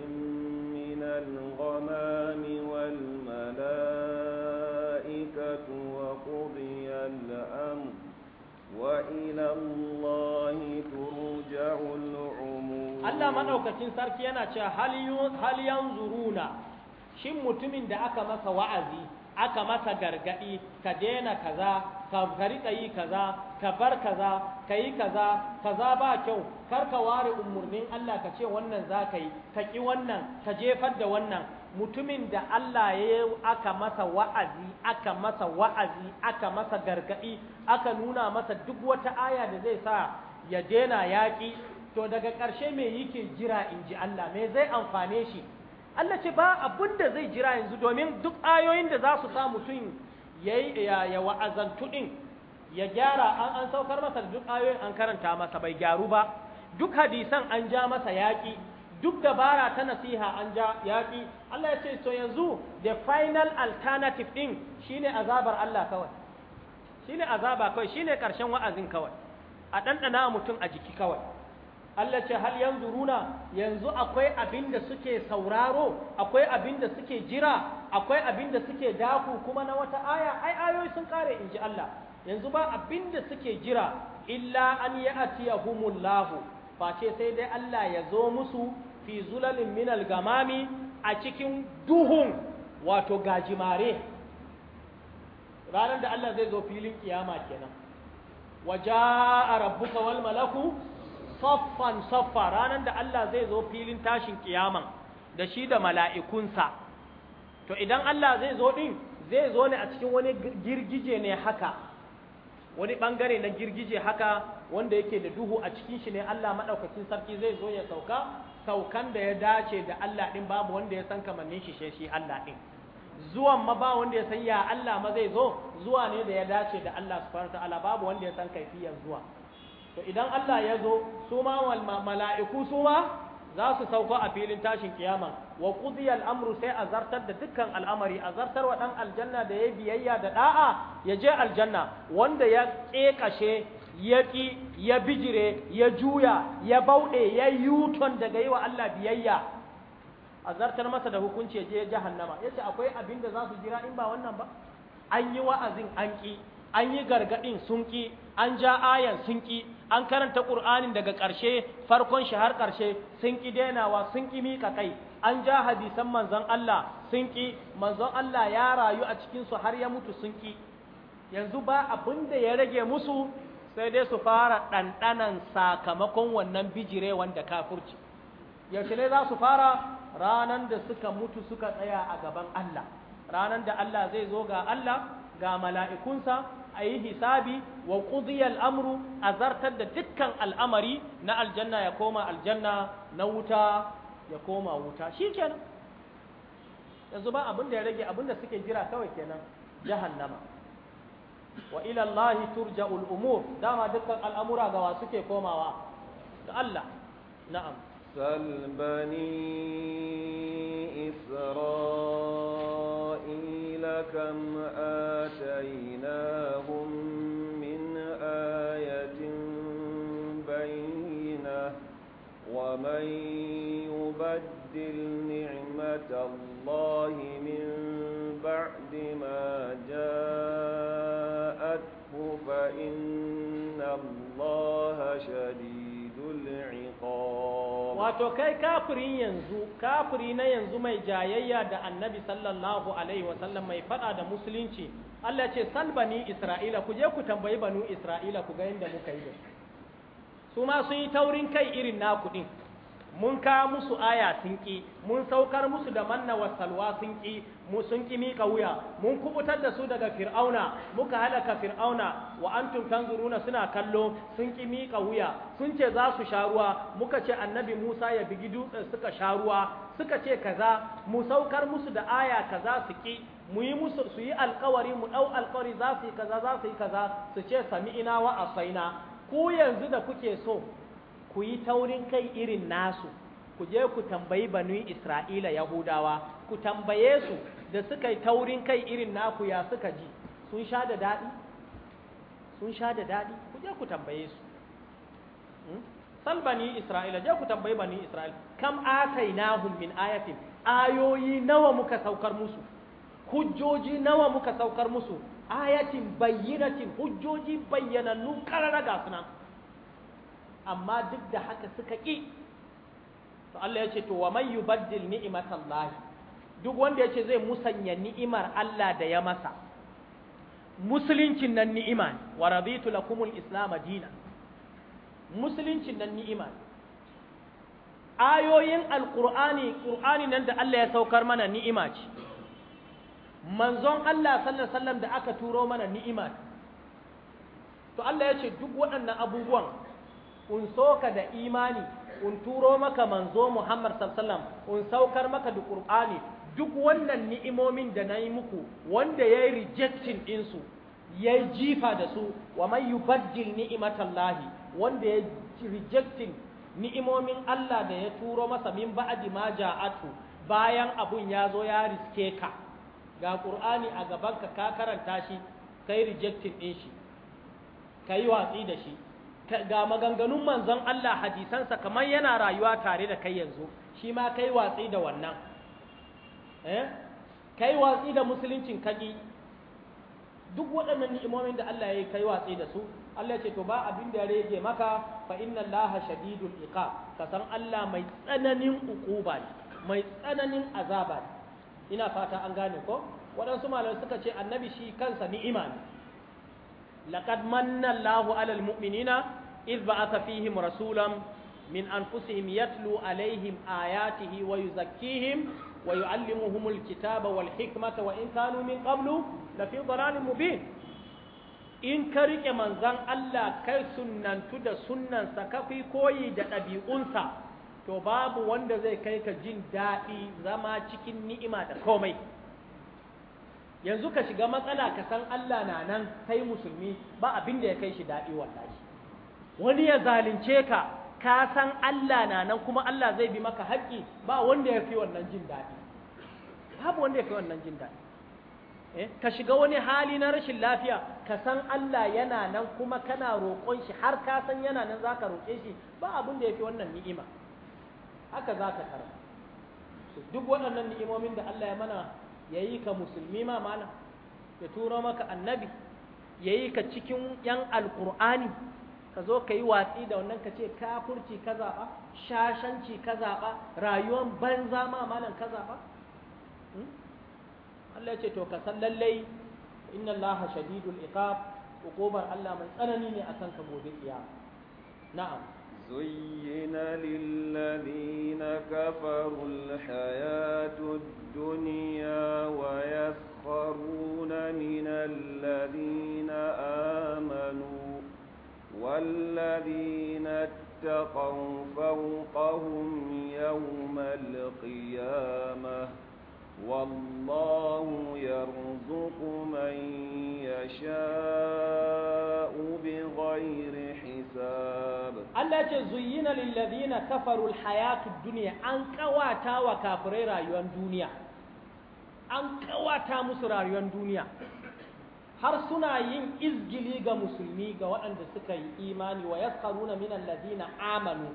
Speaker 2: من الغمام والملائكة وقضي الأمر وإلى الله
Speaker 1: ترجع العمور هل ينظرون شم متمن دعك مسا وعزي aka masa gargaɗi ka daina kaza ka rika yi kaza ka bar kaza ka yi kaza kaza ba kyau kar ka ware umurnin Allah ka ce wannan za ka yi ka ƙi wannan ka jefar da wannan mutumin da Allah ya aka masa wa'azi aka masa wa'azi aka masa gargaɗi aka nuna masa duk wata aya da zai sa ya daina yaƙi to daga ƙarshe me yake jira in ji Allah me zai amfane shi Allah ce ba abin da zai jira yanzu domin duk ayoyin da za su sa mutum ya wa'azantu ɗin ya gyara an an saukar masa da duk ayoyin an karanta masa bai gyaru ba duk hadisan an ja masa yaƙi duk dabara ta nasiha an ja yaƙi Allah ya ce so yanzu the final alternative ɗin shine azabar Allah kawai shine azaba kawai shine ƙarshen wa'azin kawai a ɗanɗana mutum a jiki kawai Allah ce hal yanzu runa, yanzu akwai abin da suke sauraro akwai abin da suke jira akwai abin da suke daku kuma na wata aya ai ayoyi sun kare inji Allah yanzu ba abin da suke jira illa an ya'tiyahumullahu face sai dai Allah ya zo musu fi zulalin minal gamami a cikin duhun wato gajimare ranar da Allah zai zo filin kiyama kenan waja a rabbuka wal malaku saffan saffa ranar da Allah zai zo filin tashin kiyaman da shi da mala'ikunsa to idan Allah zai zo ɗin zai zo ne a cikin wani girgije ne haka wani ɓangare na girgije haka wanda yake da duhu a cikin shi ne Allah maɗaukacin sarki zai zo ya sauka saukan da ya dace da Allah ɗin babu wanda ya san kamannin shi shi Allah ɗin zuwan ma ba wanda ya san ya Allah ma zai zo zuwa ne da ya dace da Allah subhanahu wa ta'ala babu wanda ya san kaifiyar zuwa to idan Allah ya zo su ma mala'iku su ma za su sauko a filin tashin kiyama wa qudiyal amru sai a zartar da dukkan al'amari a zartar wa ɗan aljanna da ya biyayya da ɗa'a ya je aljanna wanda ya ƙeƙashe ya ƙi, ya bijire ya juya ya bauɗe ya yuton daga yi wa Allah biyayya a zartar masa da hukunci ya je jahannama yace akwai abin da za su jira in ba wannan ba an yi wa'azin an ƙi an yi gargadin sun an ja ayan sun an karanta qur'anin daga ƙarshe farkon shi har ƙarshe sun ƙi denawa sun ki mika kai an ja hadisan manzon Allah sun ƙi manzon Allah ya rayu a cikin su har ya mutu sun yanzu ba abin da ya rage musu sai dai su fara ɗanɗanan sakamakon wannan bijire wanda kafurci yaushe ne za su fara ranan da suka mutu suka tsaya a gaban Allah ranan da Allah zai zo ga Allah ga mala'ikunsa a yi hisabi wa ƙudiyar amru a zartar da dukkan al'amari na aljanna ya koma aljanna na wuta ya koma wuta shi kenan yanzu ba abin da ya rage abin da suke jira kawai kenan jahannama wa ilallahi turja'ul umur dama dukkan al'amura gawa suke komawa ga Allah na'am
Speaker 2: كم آتيناهم من آية بينة ومن يبدل نعمة الله من بعد ما جاءته فإن الله شديد العقاب
Speaker 1: wato kai kafirin yanzu kafiri na yanzu mai jayayya da annabi sallallahu alaihi wasallam mai fada da musulunci Allah ce salbani isra'ila ku je ku tambayi banu isra'ila ku ga inda muka yi da su ma sun yi taurin kai irin naku din mun ka musu aya sun ki mun saukar musu da manna salwa sun ƙi. mu sun ki mika wuya mun kubutar da su daga fir'auna muka halaka fir'auna wa antum tanzuruna suna kallo sun ƙi miƙa wuya sun ce za su sha ruwa muka ce annabi Musa ya bigi dutsen suka sha ruwa suka ce kaza mu saukar musu da aya kaza su ki mu yi musu su yi alkawari mu dau alkawari za su yi kaza za su yi kaza su ce sami'ina wa asaina ku yanzu da kuke so ku yi taurin kai irin nasu ku je ku tambayi banu isra'ila yahudawa ku tambaye su da suka yi taurin kai irin naku ya suka ji sun sha da daɗi sun sha da daɗi ku je ku tambaye su hmm? sal bani isra'ila je ku tambayi bani isra'ila kam atainahum min ayatin ayoyi nawa muka saukar musu hujjoji nawa muka saukar musu ayatin bayyinatin hujjoji bayyana karara ga sunan amma duk da haka suka ƙi to Allah ya ce to wa man yubaddil ni'matallahi duk wanda ya ce zai musanya ni'imar Allah da ya masa musulincin nan ni'ima ne wa raditu lakumul islam dina musulincin nan ni'ima ne ayoyin alqur'ani qur'ani nan da Allah ya saukar mana ni'ima ce manzon Allah sallallahu alaihi wasallam da aka turo mana ni'ima to Allah ya ce duk waɗannan abubuwan un soka da imani un turo maka manzo Muhammad sallallahu alaihi un saukar maka da Qur'ani duk wannan ni'imomin da nayi muku wanda yayi rejection din su yayi jifa da su wa man yubaddil ni'matallahi wanda yayi rejecting ni'imomin Allah da ya turo masa min ba'di ma ja'atu bayan abun ya zo ya riske ka ga Qur'ani a gaban ka karanta shi kai rejecting din shi kai watsi da shi ga maganganun manzon Allah hadisansa kamar yana rayuwa tare da kai yanzu shi ma kai watsi da wannan eh? kai watsi da musuluncin kaki duk waɗannan ni'imomin da Allah ya yi kai watsi da su Allah ce to ba abin da ya rage maka fa inna Allaha shadidul iqab ka san Allah mai tsananin uquba mai tsananin azaba ina fata an gane ko waɗansu malamai suka ce annabi shi kansa ni'ima ne laqad manna Allahu 'alal mu'minina idh ba'atha fihim rasulan min anfusihim yatlu 'alaihim ayatihi wa yuzakkihim wa yu'allimuhumul kitaba wal hikmata wa in kanu min qablu lafi dhalalin mubin in ka rike manzan Allah kai sunantu da sunnansa ka koyi da ɗabi'unsa to babu wanda zai kai ka jin daɗi zama cikin ni'ima da komai yanzu ka shiga matsala ka san Allah na nan kai musulmi ba abin da ya kai shi daɗi wallahi wani ya zalunce ka ka san Allah na nan kuma Allah zai bi maka haƙƙi ba wanda ya fi wannan jin daɗi babu wanda ya fi wannan jin daɗi eh ka shiga wani hali na rashin lafiya ka san Allah yana nan kuma kana roƙon shi har ka san yana nan zaka roƙe shi ba abin da ya fi wannan ni'ima haka zaka karɓa duk waɗannan ni'imomin da Allah ya mana Yayi ka musulmi ma mana ya turo maka annabi Yayi ka cikin yan alkur'ani ka zo ka yi watsi da wannan ka ce kafurci ka zaɓa shashanci ka zaɓa rayuwar banza ma malam ka zaɓa hmm? Allah ya ce to ka san lallai inna Allah shadidul iqab hukumar Allah mai tsanani ne akan ka gobe kiyama na'am
Speaker 2: زين للذين كفروا الحياة الدنيا ويسخرون من الذين آمنوا والذين اتقوا فوقهم يوم القيامة والله يرزق من يشاء بغير الأحزاب
Speaker 1: الله يقول زينا للذين كفروا الحياة الدنيا kawata wa وكافرين رايوان دنيا an kawata musu رايوان har suna yin izgili ga musulmi ga waɗanda suka yi imani wa yaskaruna min allazina amanu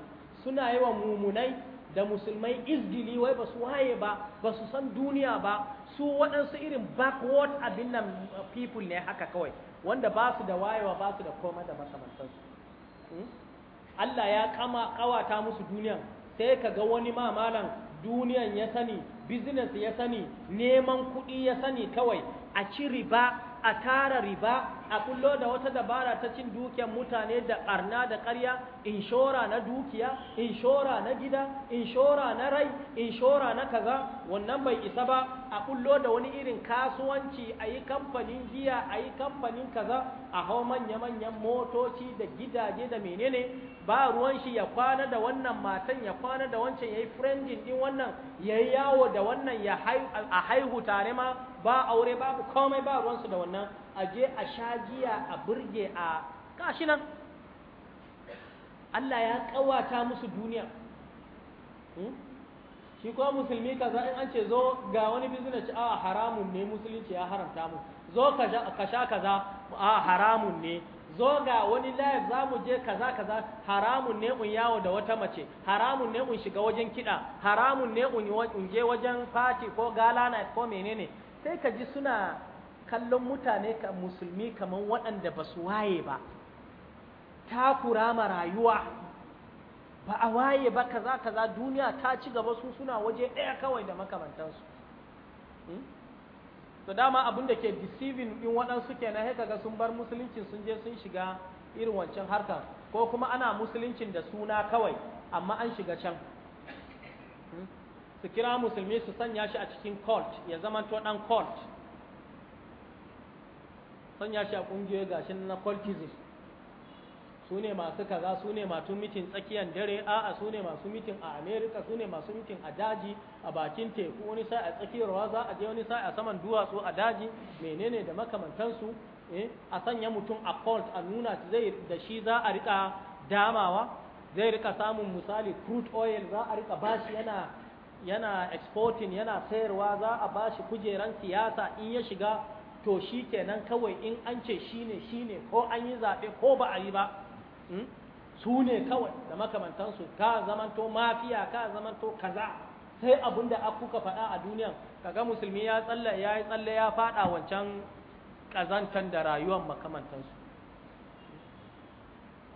Speaker 1: suna yi wa mumunai da musulmai izgili wai ba su waye ba ba su san duniya ba su waɗansu irin backward abin nan people ne haka kawai wanda ba su da wayewa ba su da koma da makamantansu Allah ya kama kawata musu duniyan sai ka ga wani ma duniyan ya sani business ya sani neman kuɗi ya sani kawai a ci riba a tara riba a kullo da wata dabara ta cin dukiyar mutane da ƙarna da ƙarya inshora na dukiya inshora na gida inshora na rai inshora na kaza wannan bai isa ba a kullo da wani irin kasuwanci a yi kamfanin giya a yi kamfanin kaza a hau manya-manyan motoci da gidaje da menene ba ruwan shi ya kwana da wannan matan ya kwana da wancan ya yi friendin din wannan ya yi yawo da wannan a haihu tare ma ba aure babu komai ba ruwansu da wannan a je a sha giya a burge a kashi nan Allah ya kawata musu duniya hmm? shi kuma musulmi kaza in an ce zo ga wani business a haramun ne musulunci ya haramta mu zo ka sha kaza a haramun ne zo ga wani live za mu je kaza kaza haramun ne in yawo da wata mace haramun ne in shiga wajen kiɗa haramun ne in je wajen fati ko gala night ko menene sai ka ji suna kallon mutane ka musulmi kamar waɗanda ba su waye ba kura ma rayuwa ba a waye ba kaza kaza duniya ta ci gaba su suna waje ɗaya kawai da makamantansu hmm? to dama abin da ke deceiving din waɗansu kenan haka ga sun bar musuluncin sun je sun shiga irin wancan harkar ko kuma ana musuluncin da suna kawai amma an shiga can hmm? su kira musulmi su sanya shi a cikin cult ya zama to dan cult sanya shi a ƙungiyoyi gashin na cultism su ne masu kaza su ne masu mitin tsakiyar dare a'a su ne masu mitin a america su ne masu mitin a daji a bakin teku wani sai a tsakiyar za a je wani sai a saman duwatsu a daji menene da makamantansu eh, a sanya mutum a cult a nuna zai da shi za a rika damawa zai rika samun misali crude oil za a rika bashi yana yana exporting yana sayarwa za a bashi kujeran siyasa in ya shiga to shi kenan kawai in an ce shi ne shi ne ko an yi zaɓe ko ba a yi ba hmm? su ne kawai da makamantansu ka zamanto mafiya ka zamanto kaza sai abin da ka faɗa a duniyan ga musulmi ya tsalle ya yi tsalle ya faɗa wancan ƙazantan da rayuwar makamantansu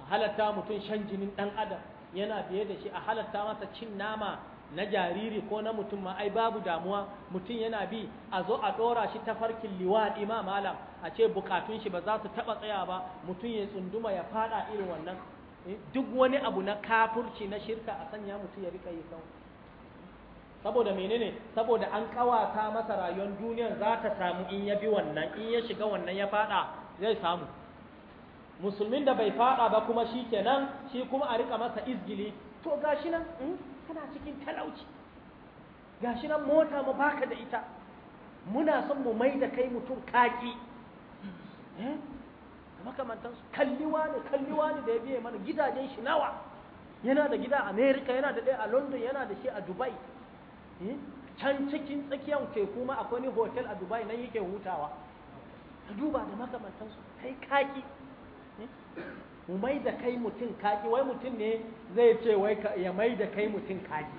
Speaker 1: a halatta mutum shan jinin ɗan adam yana biye da shi a halatta masa cin nama na jariri ko na mutum ma ai babu damuwa mutum yana bi a zo a ɗora shi ta farkin liwaɗi ma malam a ce bukatun shi ba za su taba tsaya ba mutum ya tsunduma ya faɗa irin wannan eh, duk wani abu na kafurci na shirka a sanya mutum ya rika yi sau saboda menene saboda an kawata masa rayuwar duniyar za ta samu in ya bi wannan in ya shiga wannan ya faɗa zai samu musulmin da bai faɗa ba kuma shi kenan shi kuma a rika masa izgili to gashi nan hmm? kana cikin talauci gashi nan mota ma baka da ita muna son mu mai da kai mutum kaki eh? makamantansu kalliwa ne kalliwa ne da ya biye mana gidajen shi nawa yana da gida a america yana da ɗaya a london yana da shi a dubai eh? can cikin tsakiyar ke ma akwai ni hotel a dubai nan yake hutawa ka duba da makamantansu kai kaki eh? mu mai da kai mutum kaki, wai mutum ne zai ce wai ya mai da kai mutum kaki?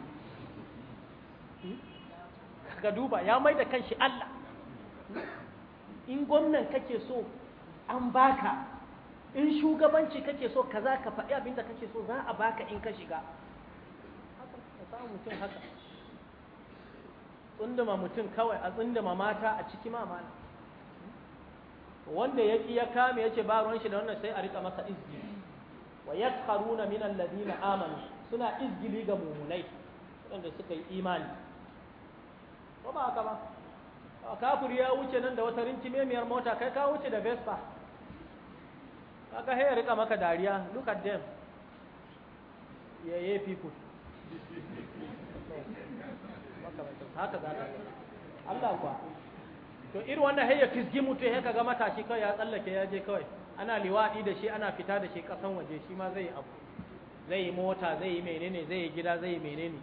Speaker 1: Hmm? ka duba ya mai da kanshi Allah in gwamnan kake so an baka in shugabanci kake so kaza ka faɗi abinda kake so za a baka in ka shiga
Speaker 3: haka mutum haka
Speaker 1: tsunduma mutum kawai a tsundama mata a ciki mamana wanda ya ya kame ya ce ba ruwan shi da wannan sai a rika masa izgi wa yaskharuna min alladhina amanu suna izgili ga mumunai wanda suka yi imani ko ba haka ba kafiri ya wuce nan da wata memiyar mota kai ka wuce da vespa kaga ya rika maka dariya look at them yeah yeah people haka za Allah kwa to irin wannan hayya fisgi mutum ya kaga matashi kawai ya tsallake ya je kawai ana liwaɗi da shi ana fita da shi ƙasan waje shi ma zai abu zai yi mota zai yi menene zai yi gida zai yi menene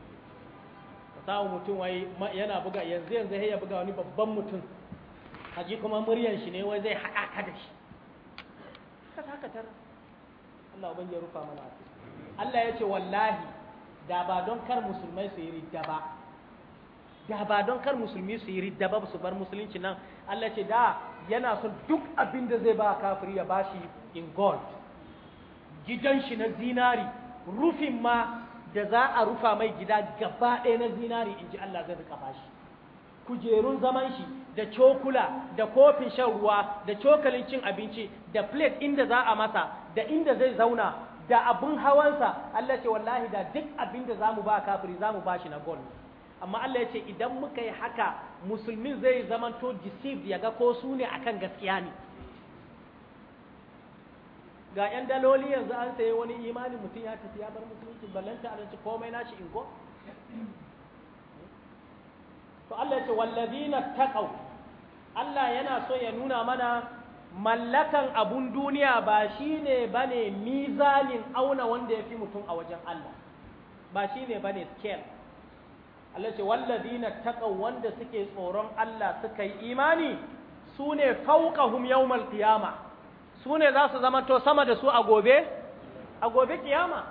Speaker 1: ka samu mutum wai yana buga yanzu yanzu hayya buga wani babban mutum haji kuma muryan shi ne wai zai haɗa ka da shi ka haka tar Allah ubangiji ya rufa mana Allah ya ce wallahi da ba don kar musulmai su yi ridda ba da ba don kar musulmi su yi ridda ba su bar musulunci nan Allah ce da yana son duk abin da zai ba kafiri ya bashi in gold gidan shi na zinari rufin ma da za a rufa mai gida gaba ɗaya na zinari in ji Allah zai rika bashi kujerun zaman shi da cokula da kofin shan ruwa da cokalin cin abinci da plate inda za a masa da inda zai zauna da abin hawansa Allah ce wallahi da duk abin da za mu ba kafiri za mu ba na gold amma Allah ya ce idan muka yi haka musulmin zai zamanto deceived ya ga ko su ne akan gaskiya ne ga 'yan daloli yanzu an sayi wani imanin mutum ya tafi ya bar musulunci ballanta a ranci komai nashi in inko to Allah ya ce wallazina taqaw Allah yana so ya nuna mana mallakan abun duniya ba shine bane mizanin auna wanda ya fi mutum a wajen Allah ba shine bane scale Allah ce walladina taqaw wanda suke tsoron Allah suka yi imani sune fawqahum yawmal qiyama sune za su zama to sama da su a gobe a gobe kiyama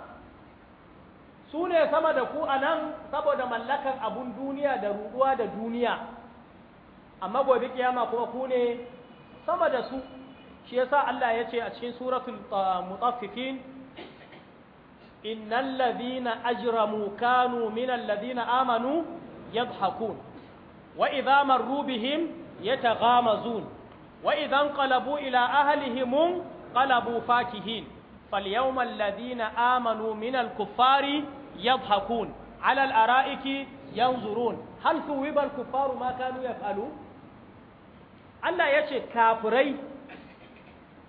Speaker 1: sune sama da ku anan saboda mallakan abun duniya da ruduwa da duniya amma gobe kiyama kuma ku ne sama da su shi yasa Allah ya ce a cikin suratul ah, mutaffifin إن الذين أجرموا كانوا من الذين آمنوا يضحكون وإذا مروا بهم يتغامزون وإذا انقلبوا إلى أهلهم انقلبوا فاكهين فاليوم الذين آمنوا من الكفار يضحكون على الأرائك ينظرون هل ثوب الكفار ما كانوا يفعلون ألا يشي كافري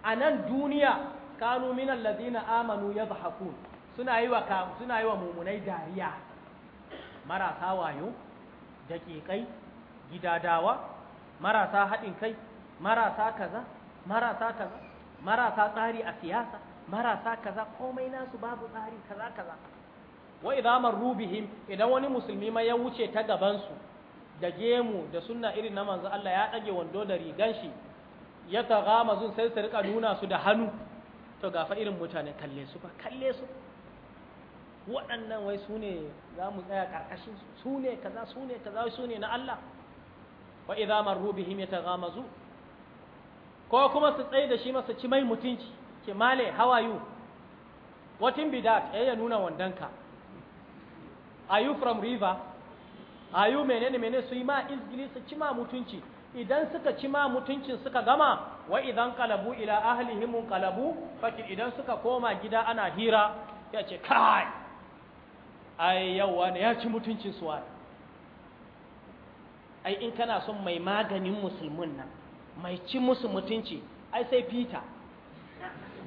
Speaker 1: أن الدنيا كانوا من الذين آمنوا يضحكون suna yi wa suna yi wa mumunai dariya marasa wayo daƙiƙai gidadawa marasa haɗin kai marasa kaza marasa kaza marasa tsari a siyasa marasa kaza komai nasu babu tsari kaza kaza wa idza marru bihim idan wani musulmi ma ya wuce ta gaban su da gemu da sunna irin na manzo Allah ya dage wando da rigan shi ya tagama zun sai su rika nuna su da hannu to gafa irin mutane kalle su ba kalle su waɗannan wai su ne za mu tsaya ƙarƙashin su ne kaza su ne kaza su ne na Allah wa idza marru bihim yataghamazu ko kuma su tsaye da shi masa ci mai mutunci ke male how are you what in bidat eh ya nuna wandanka are you from river are you menene menene su yi ma izgili su ci ma mutunci idan suka ci ma mutuncin suka gama wa idan kalabu ila ahlihim kalabu fakir idan suka koma gida ana hira ya ce kai ai yawa ne ya ci mutuncin suwa ai in kana son mai maganin musulmin nan mai ci musu mutunci ai sai peter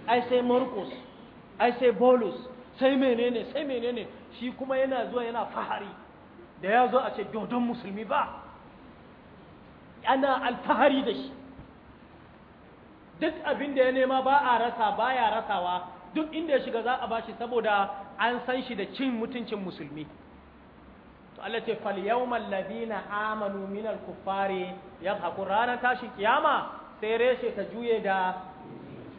Speaker 1: ai sai marcus ai sai bolus sai menene sai menene shi kuma yana zuwa yana fahari da ya zo a ce dodon musulmi ba ana alfahari da shi duk abin da ya nema ba a rasa ba ya rasawa duk inda ya shiga za a bashi saboda an san shi da cin mutuncin musulmi to Allah ce fal yawmal ladina amanu minal kuffari yadhaku ranar tashin kiyama sai reshe ta juye da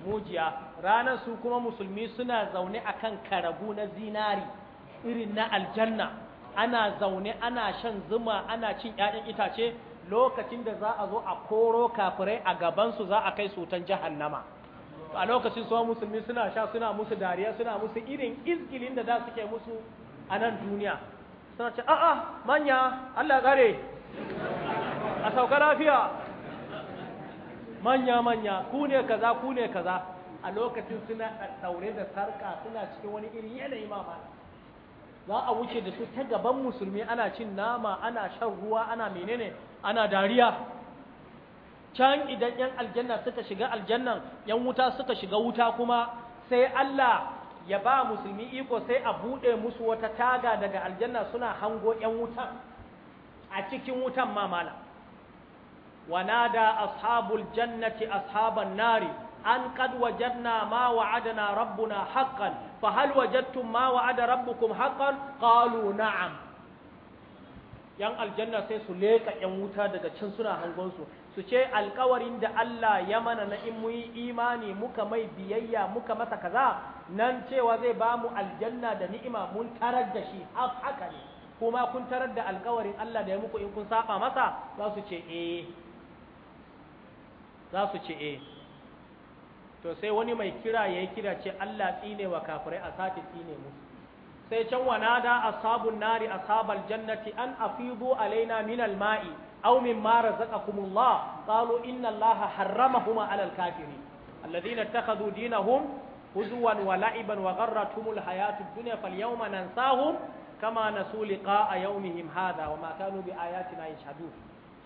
Speaker 1: mujiya ranar su kuma musulmi suna zaune akan karabu na zinari irin na aljanna ana zaune ana shan zuma ana cin ƴaƴan itace lokacin da za a zo a koro kafirai a gabansu za a kai sutan jahannama a lokacin su musulmi suna sha suna musu dariya suna musu irin izgilin da za su ke musu a nan duniya suna ce a'a manya Allah kare
Speaker 4: a sauka lafiya manya
Speaker 1: manya ku ne kaza ku ne kaza a lokacin suna daure da sarka suna cikin wani irin yanayi ma. za a wuce da su ta gaban musulmi ana cin nama ana shan ruwa ana menene ana dariya can idan ‘yan aljanna suka shiga aljannan ‘yan wuta suka shiga wuta kuma sai Allah ya ba musulmi iko sai a buɗe musu wata taga daga aljanna suna hango ‘yan wutan a cikin wutan mamala wanada ashabul jannati ashaban nari an qad wajadna ma wa'adana rabbuna haƙƙan, fa hal wajadtum ma wa'ada rabbukum haqqan ƙalu na'am yan aljanna sai su leka yan wuta daga cin suna hangon su ce alkawarin da Allah ya mana na in muyi imani muka mai biyayya muka masa kaza nan cewa zai ba mu aljanna da ni'ima mun tarar da shi haka ne kuma kun tarar da alkawarin Allah da ya muku in kun saba masa za su ce eh za su ce eh to sai wani mai kira yayi kira ce Allah tsine wa kafirai a sati tsine musu sai can wanada ashabun nari ashabal jannati an afidu alaina min alma'i aw mimma razaqakumullah qalu inna allaha harramahuma ala alkafirin alladhina ittakhadhu dinahum huzwan wa la'iban wa gharratuhumul hayatud dunya falyawma nansahum kama nasu liqa'a yawmihim hadha wa ma kanu biayatina yashhadun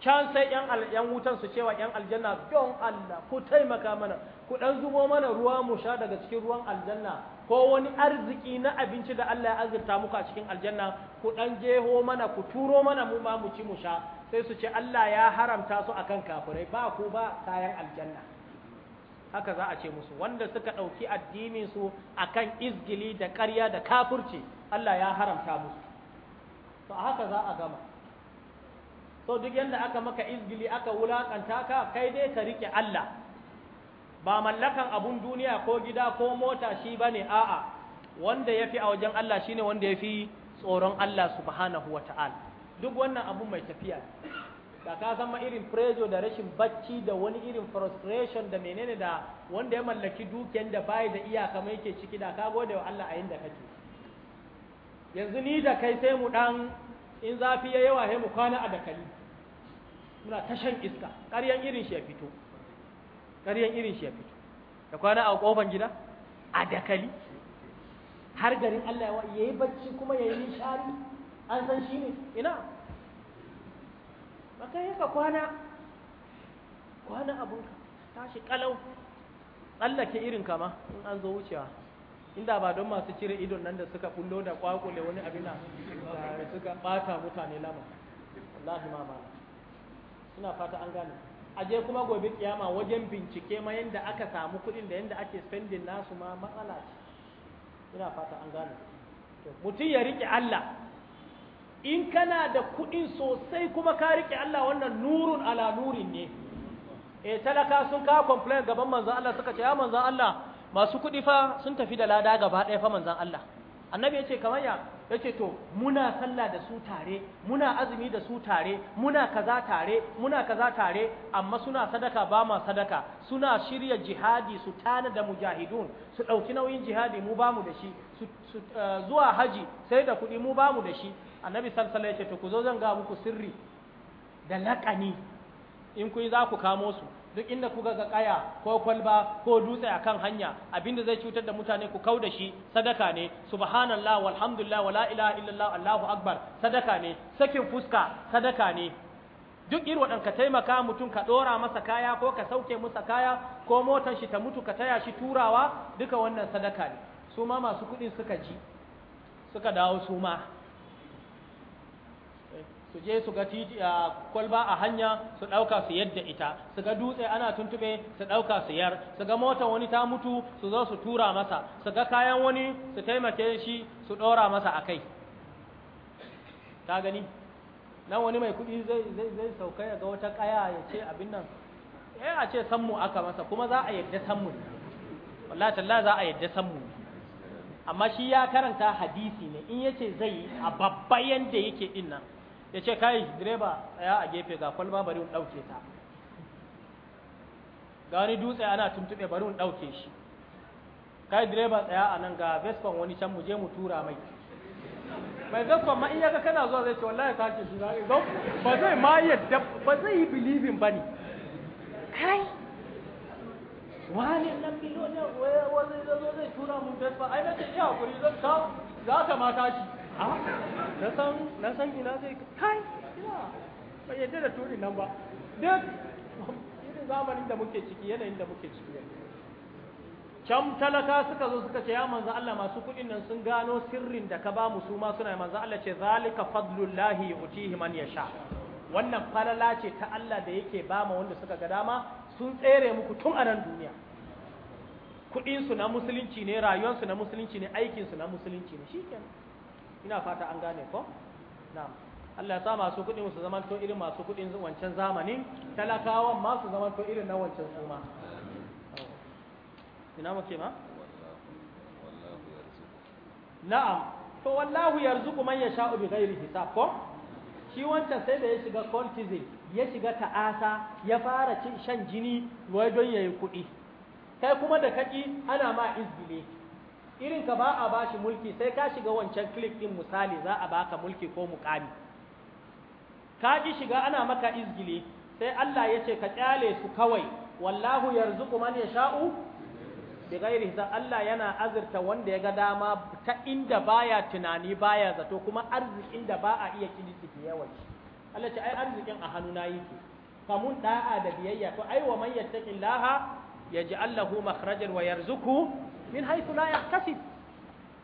Speaker 1: can sai yan yan wutan su cewa yan aljanna don Allah ku taimaka mana ku dan zubo mana ruwa mu sha daga cikin ruwan aljanna ko wani arziki na abinci da Allah ya azurta muku a cikin aljanna ku dan jeho mana ku turo mana mu ma mu ci mu sha sai su ce Allah ya haramta su akan kafirai ba ku ba kayan aljanna haka za a ce musu wanda suka ɗauki addinin su akan izgili da ƙarya da kafirci Allah ya haramta musu to haka za a gama To duk yanda aka maka izgili aka wulakanta ka kai dai ka rike Allah ba mallakan abun duniya ko gida ko mota shi bane a'a wanda yafi a wajen Allah shine wanda yafi tsoron Allah subhanahu wata'ala duk wannan abun mai tafiya da ka zama irin prejo da rashin bacci da wani irin frustration da menene da wanda ya mallaki dukiyar da bai da iyaka mai yake ciki da ka gode wa Allah a yanda kake yanzu ni da kai sai mu dan in zafi ya yawa sai mu kwana a dakali muna tashan iska ƙaryan irin shi ya fito Ƙaryar irin shi ya fito da kwana a ƙofan gida a dakali har garin Allah ya yi bacci kuma ya yi nishari an san shi ne ina ba kai ka kwana kwana abunka tashi kalau tsallake irin kama in an zo wucewa inda ba don masu cire idon nan da suka bullo da kwakule wani abin da suka bata mutane lama wallahi ma suna fata an gane Aje kuma gobe kiyama wajen bincike ma yadda aka samu kuɗin da yanda ake spending nasu ma matsala ina fata an gane mutum ya rike Allah in kana da kuɗin sosai kuma ka rike Allah wannan nurun ala nurin ne eh talaka sun ka complain gaban manzon Allah suka ce ya manzon Allah masu kuɗi fa sun tafi da lada gaba ɗaya fa manzon Allah annabi ya ce kamar ya yace to muna sallah da su tare muna azumi da su tare muna kaza tare muna kaza tare amma suna sadaka ba ma sadaka suna shirya jihadi su tana da mujahidun su ɗauki nauyin jihadi mu ba mu da shi eh, zuwa haji sai da kuɗi mu ba mu da shi annabi sallallahu alaihi wasallam yace to ku zo zan ga muku sirri da laƙani in yi za ku kamo su duk inda ku ga kaya ko kwalba ko dutse a kan hanya abinda zai cutar da mutane ku kau da shi sadaka ne subhanallah walhamdulillah wala ilaha illallah allahu akbar sadaka ne sakin fuska sadaka ne duk irin wadan ka taimaka mutum ka dora masa kaya ko ka sauke masa kaya ko motar shi ta mutu ka taya shi turawa duka wannan sadaka ne su ma masu kuɗin suka ji suka dawo su ma su je su ga titi a kwalba a hanya su ɗauka su yadda ita su ga dutse ana tuntube su ɗauka su yar su ga mota wani ta mutu su zo su tura masa su ga kayan wani su taimake shi su ɗora masa a kai ta gani nan wani mai kuɗi zai sauka ya ga wata ƙaya ya ce abin nan eh a ce sammu aka masa kuma za a yadda sammu wallahi talla za a yadda sammu amma shi ya karanta hadisi ne in yace zai a babba yanda yake din nan ya ce kai direba tsaya a gefe ga kwalba bari in ɗauke ta ga wani dutse ana tuntuɓe bari in ɗauke shi kai direba tsaya a nan ga vespan wani can mu je mu tura mai mai vespan ma in yaga kana zuwa zai ce wallahi ka ce shi ba zai ma yadda ba zai yi bilibin ba ne kai wani nan miliyonin wani zai zai tura mun vespa ai na ce iya hakuri zan ta za ka na san ina zai kai ina ba da nan ba zamanin da muke ciki yanayin da muke ciki can talaka suka zo suka ce ya manzo Allah masu kuɗin nan sun gano sirrin da ka ba mu su ma suna manzo Allah ce zalika fadlullahi yu'tihi man yasha wannan falala ce ta Allah da yake ba ma wanda suka ga dama sun tsere muku tun a nan duniya kuɗinsu na musulunci ne rayuwansu na musulunci ne aikinsu na musulunci ne shikenan ina fata an gane ko na'am Allah ya sa masu kuɗin su zaman to irin masu kuɗin wancan zamani, talakawan ma su zaman to irin na wancan su ma ina muke ma na'am to wallahu yarzuku man yasha'u bi ghairi hisab ko shi wancan sai da ya shiga cultism ya shiga ta'asa ya fara cin shan jini wai don yayi kuɗi kai kuma da kaki ana ma izbile irin ka ba a bashi mulki sai ka shiga wancan click din misali za a baka mulki ko mukami ka ji shiga ana maka izgili sai Allah ya ce ka kyale su kawai wallahu yarzuqu man yasha'u bi ghairi hisab Allah yana azurta wanda ya ga dama ta inda baya tunani baya zato kuma arzikin da ba a iya kididdige yawan Allah ce ai arzikin a hannu hannuna yake kamun da'a da biyayya to ai wa man yattaqillaha yaj'al lahu makhrajan wa yarzuqu min haythu la yahtasib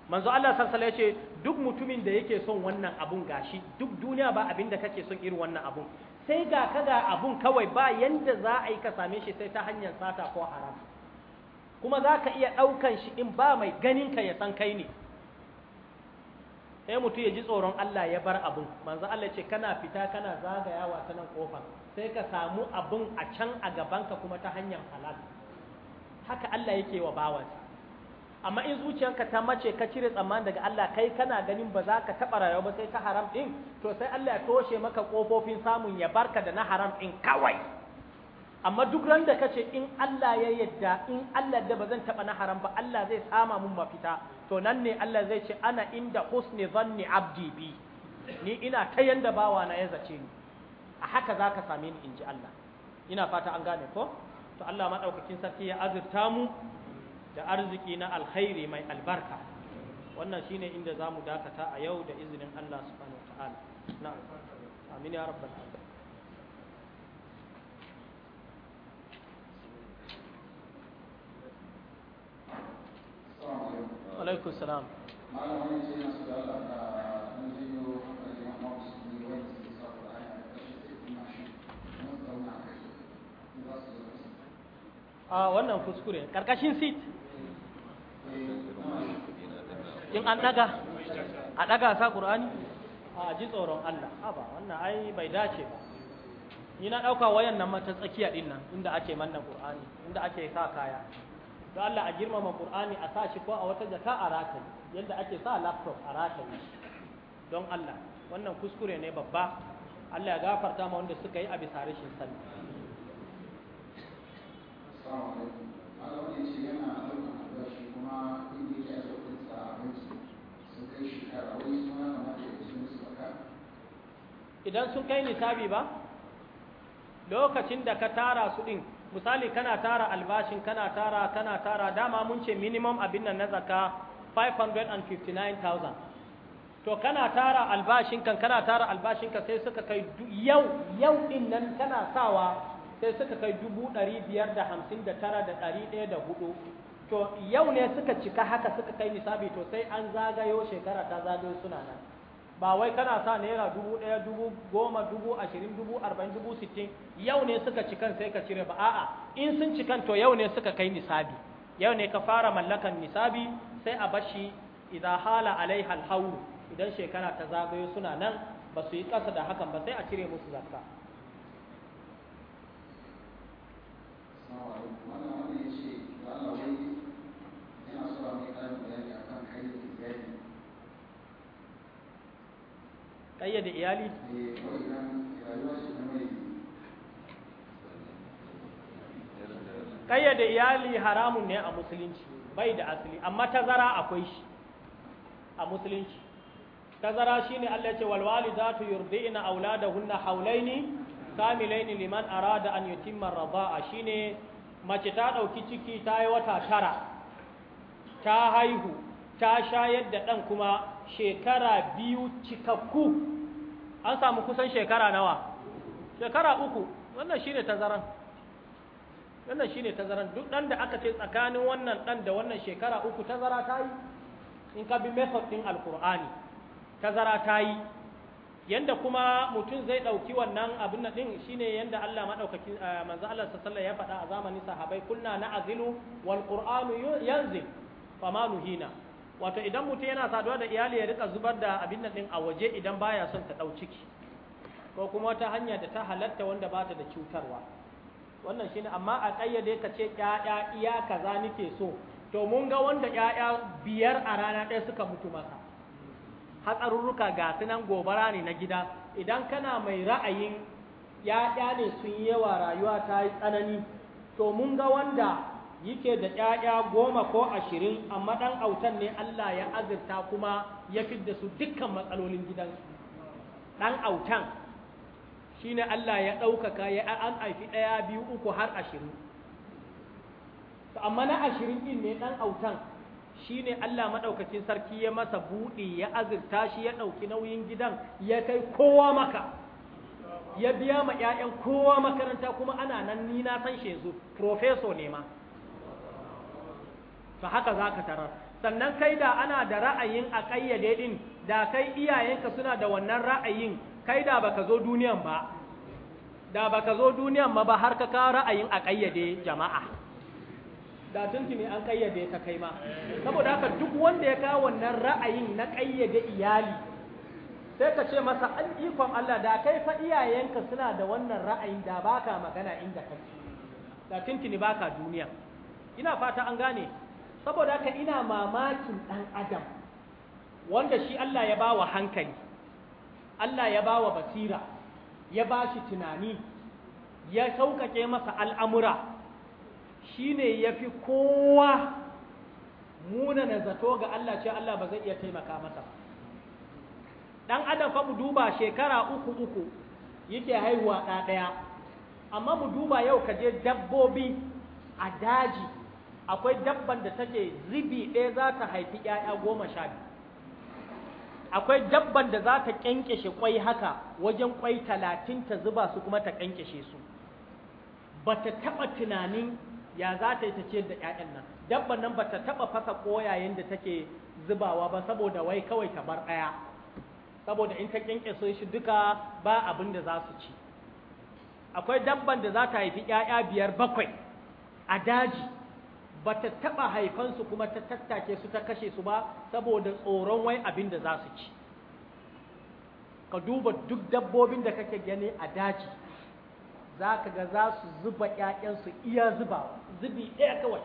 Speaker 1: manzo Allah sallallahu alaihi wasallam yace duk mutumin da yake son wannan abun gashi duk duniya ba abin da kake son irin wannan abun sai ga kaga abun kawai ba yanda za a yi ka same shi sai ta hanyar sata ko haram kuma za ka iya ɗaukan shi in ba mai ganin ka ya san kai ne sai mutum ya ji tsoron Allah ya bar abun manzo Allah ce kana fita kana zagayawa ta nan kofar sai ka samu abun a can a gabanka kuma ta hanyar halal haka Allah yake wa bawansa amma in zuciyanka ta mace ka cire tsammanin daga Allah kai kana ganin ba za ka taɓa rayuwa ba sai ta haram ɗin to sai Allah ya toshe maka ƙofofin samun ya barka da na haram ɗin kawai amma duk ran da ka ce in Allah ya yadda in Allah da ba zan taɓa na haram ba Allah zai sama mun mafita to nan ne Allah zai ce ana inda husni zanni abdi bi ni ina ta yanda bawa na ya zace ni a haka za ka same ni in ji Allah ina fata an gane ko to Allah maɗaukakin sarki ya azurta mu da arziki na alkhairi mai albarka wannan shine inda za mu dakata a yau da izinin Allah subhanahu wataala na'am amin ya rabbal alamin alaikum salam a ah, wannan kuskure karkashin sit
Speaker 3: in an daga a daga sa ƙur'ani
Speaker 1: a ji tsoron Allah haba wannan ai bai dace ba ni na ɗauka wayan nan mata tsakiya din nan inda ake manna ƙur'ani inda ake sa kaya don Allah a girmama ƙur'ani a sa shi ko a wata jaka a rataye yadda ake sa laptop a rataye don Allah wannan kuskure ne babba Allah ya gafarta ma wanda suka yi a bisa rashin sani. idan sun kai nisabi ba lokacin da ka tara su din misali kana tara albashin kana tara kana tara dama mun ce minimum abin nan na zakka 559,000 to kana tara albashin kan kana tara albashin ka sai suka kai yau yau din nan kana sawa sai suka kai to yau ne suka cika haka suka kai nisabi to sai an zagayo shekara ta zagayo suna nan ba wai kana sa naira dubu ɗaya dubu goma dubu ashirin dubu arba'in dubu sittin yau ne suka cikan sai ka cire ba a'a in sun cikan to yau ne suka kai nisabi yau ne ka fara mallakan nisabi sai a bashi idan hala alai halhau idan shekara ta zagayo suna nan ba su yi ƙasa da hakan ba sai a cire musu zakka. kayyade iyali kayyade iyali haramun ne a musulunci bai da asali amma tazara akwai shi a musulunci tazara shine Allah ya ce wal walidatu yurdina auladahunna haulaini kamilaini liman arada an yutimma ar-radaa shine mace ta dauki ciki ta yi wata tara ta haihu ta shayar da dan kuma shekara biyu cikakku an samu kusan shekara nawa shekara uku wannan shine tazaran wannan shine tazaran duk dan da aka ce tsakanin wannan dan da wannan shekara uku tazara ta yi in ka bi method din alqur'ani tazara ta yi yanda kuma mutum zai ɗauki wannan abin nan din shine yanda Allah madaukaki eh, manzo Allah sallallahu ya faɗa a zamanin sahabbai kunna na azilu yanzil fama nuhina wato idan mutum yana saduwa da iyali ya rika zubar da abin nan a waje idan baya son ta dau ciki ko kuma wata hanya da ta halatta wanda bata da cutarwa wannan shine amma a kayyade ka ce ƴaƴa iya kaza nake so to mun ga wanda ƴaƴa biyar a rana ɗaya suka mutu masa hatsarurruka ga sunan gobara ne na gida idan kana mai ra'ayin ƴaƴa ne sun yi yawa rayuwa ta yi tsanani to mun ga wanda yake da ƴaƴa goma ko ashirin amma ɗan autan ne Allah ya azurta kuma ya da su dukkan matsalolin gidansu ɗan autan shi ne Allah ya ɗaukaka ya an haifi ɗaya biyu uku har ashirin amma na ashirin ɗin ne ɗan autan shi ne Allah maɗaukacin sarki ya masa buɗe ya azurta shi ya ɗauki nauyin gidan ya kai kowa maka ya biya ma 'ya'yan kowa makaranta kuma ana nan ni na san shi yanzu profeso ne ma ba haka za ka tarar sannan kai da ana da ra'ayin a ƙayyade ɗin da kai iyayenka suna da wannan ra'ayin kai da baka zo duniyan ba da baka zo duniyan ma ba har ka kawo ra'ayin a ƙayyade jama'a da tuntuni an ƙayyade ta kai ma saboda haka duk wanda ya kawo wannan ra'ayin na ƙayyade iyali sai ka ce masa an ikon Allah da kai fa iyayenka suna da wannan ra'ayin da baka magana inda kake da tuntuni baka duniya ina fata an gane saboda haka ina mamakin ɗan adam wanda shi Allah ya ba wa hankali Allah ya ba wa basira ya ba shi tunani ya sauƙaƙe masa al'amura shi ne ya fi kowa munana zato ga Allah ce Allah ba zai iya taimaka masa ɗan adam fa mu duba shekara uku uku yake haihuwa ɗaya amma mu duba yau ka je dabbobi a daji akwai dabban da take zibi ɗaya za ta haifi ‘ya'ya goma sha biyu akwai dabban da za ta ƙyanƙyashe ƙwai haka wajen ƙwai talatin ta zuba su kuma ta ƙyanƙyashe su ba ta taɓa tunanin ya za ta yi ta ciyar da ‘ya'yan nan dabban nan ba ta taɓa fasa ƙoyayen da take zubawa ba saboda wai kawai ta bar ɗaya saboda in ta ƙyanƙyashe shi duka ba abin da za su ci akwai dabban da za ta haifi ‘ya'ya biyar bakwai a daji ba ta taɓa haifansu kuma ta tattake su ta kashe su ba saboda tsoron wai abin da za su ci ka duba duk dabbobin da kake gani a daji za ka ga za su zuba ‘ya'yansu iya zuba zubi ɗaya kawai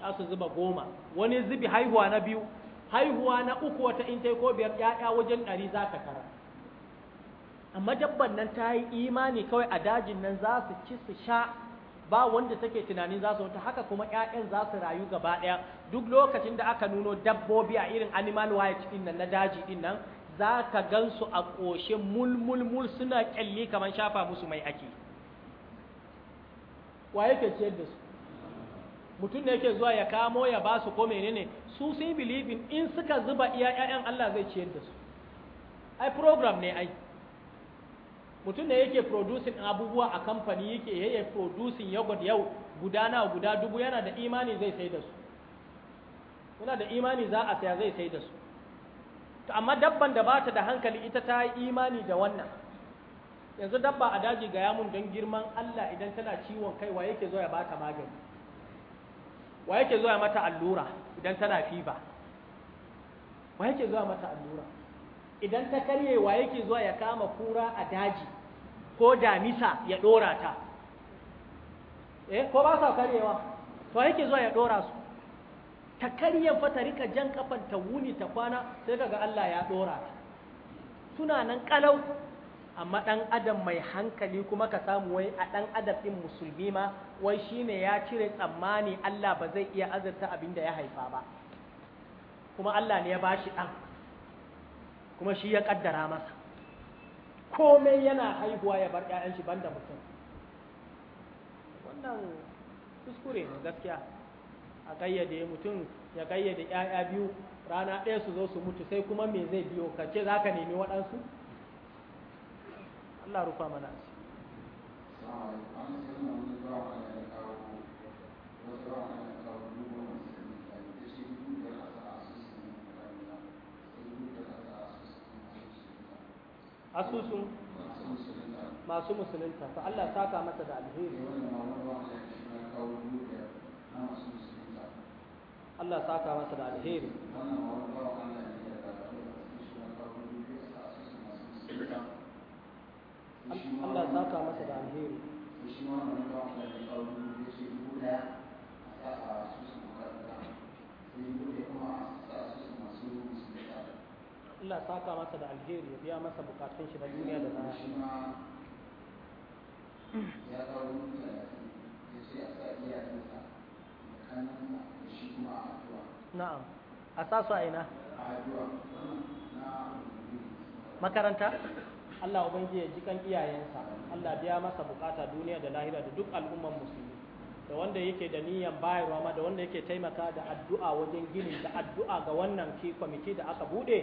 Speaker 1: za su zuba goma wani zubi haihuwa na biyu haihuwa na uku wata in ta ko biyar ‘ya'ya wajen ɗari za ka kara amma dabban nan ta yi imani kawai a dajin nan za su ci su sha ba wanda take tunanin za su wuta haka kuma ƴaƴan za su rayu gaba ɗaya duk lokacin da aka nuno dabbobi a irin animal wire cikin nan na daji din nan za ka gan su a ƙoshe mulmulmul suna ƙyalli kamar shafa musu mai ake wa yake ciyar da su mutum ne yake zuwa ya kamo ya ba su ko menene su sai bilibin in suka zuba iya ƴaƴan Allah zai ciyar da su ai program ne ai mutum ne yake producing abubuwa a kamfani yake yake producing yogurt yau guda guda dubu yana da imani zai sai da su yana da imani za a saya zai sai da su to amma dabban da bata da hankali ita ta yi imani da wannan yanzu dabba a daji ga yamun don girman Allah idan tana ciwon kai wa yake zo ya bata magani wa yake zo ya mata allura idan tana fiba wa yake zo ya mata allura idan ta karye wa yake zuwa ya kama kura a daji ko damisa ya dora ta eh ko ba sa karyewa to yake zuwa ya dora su ta karyen fa ta rika jan kafan ta wuni ta kwana sai daga Allah ya dora ta suna nan kalau amma dan adam mai hankali kuma ka samu wai a dan adam din musulmi ma wai shine ya cire tsammani Allah ba zai iya azurta abinda ya haifa ba kuma Allah ne ya bashi dan. ɗan kuma shi ya kaddara masa komai yana haihuwa ya bar ƴaƴan shi banda mutum wannan kuskure ne gaskiya a kayyade mutum ya kayyade ƴaƴa biyu rana ɗaya su zo su mutu sai kuma me zai biyo ka ce za ka nemi waɗansu Allah rufa mana asusun masu musulunta to Allah saka masa da alheri Allah saka masa da alheri
Speaker 3: Allah saka masa da alheri sai
Speaker 1: Allah saka masa da alheri ya biya masa bukatun shi na duniya da na
Speaker 3: ya kawo mutu ya ce a sa iyayensa da kanansa da shi kuma a addu'a
Speaker 1: na'am a sa su a ina
Speaker 3: a addu'a na
Speaker 1: makaranta Allah ubangiji ya ji kan iyayensa Allah biya masa bukata duniya da lahira da duk al'umman musulmi da wanda yake da niyan bayarwa ma da wanda yake taimaka da addu'a wajen gini da addu'a ga wannan ki kwamiti da aka bude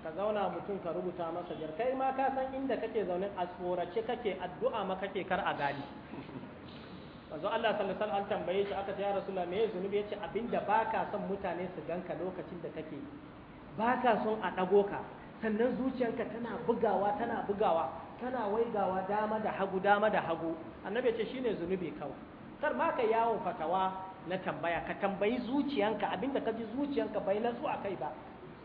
Speaker 1: ka zauna mutum ka rubuta masa jar kai ma ka san inda kake zaune a tsorace kake addu'a ma kake kar a gani manzo Allah sallallahu alaihi wasallam an tambaye shi aka ce ya rasulullah me zunubi yace abinda baka son mutane su ganka lokacin da kake baka son a dago ka sannan zuciyarka tana bugawa tana bugawa tana waigawa dama da hagu dama da hagu annabi yace shine zunubi kawai kar ma ka yawo fatawa na tambaya ka tambayi zuciyanka abinda ka ji zuciyanka bai nasu a kai ba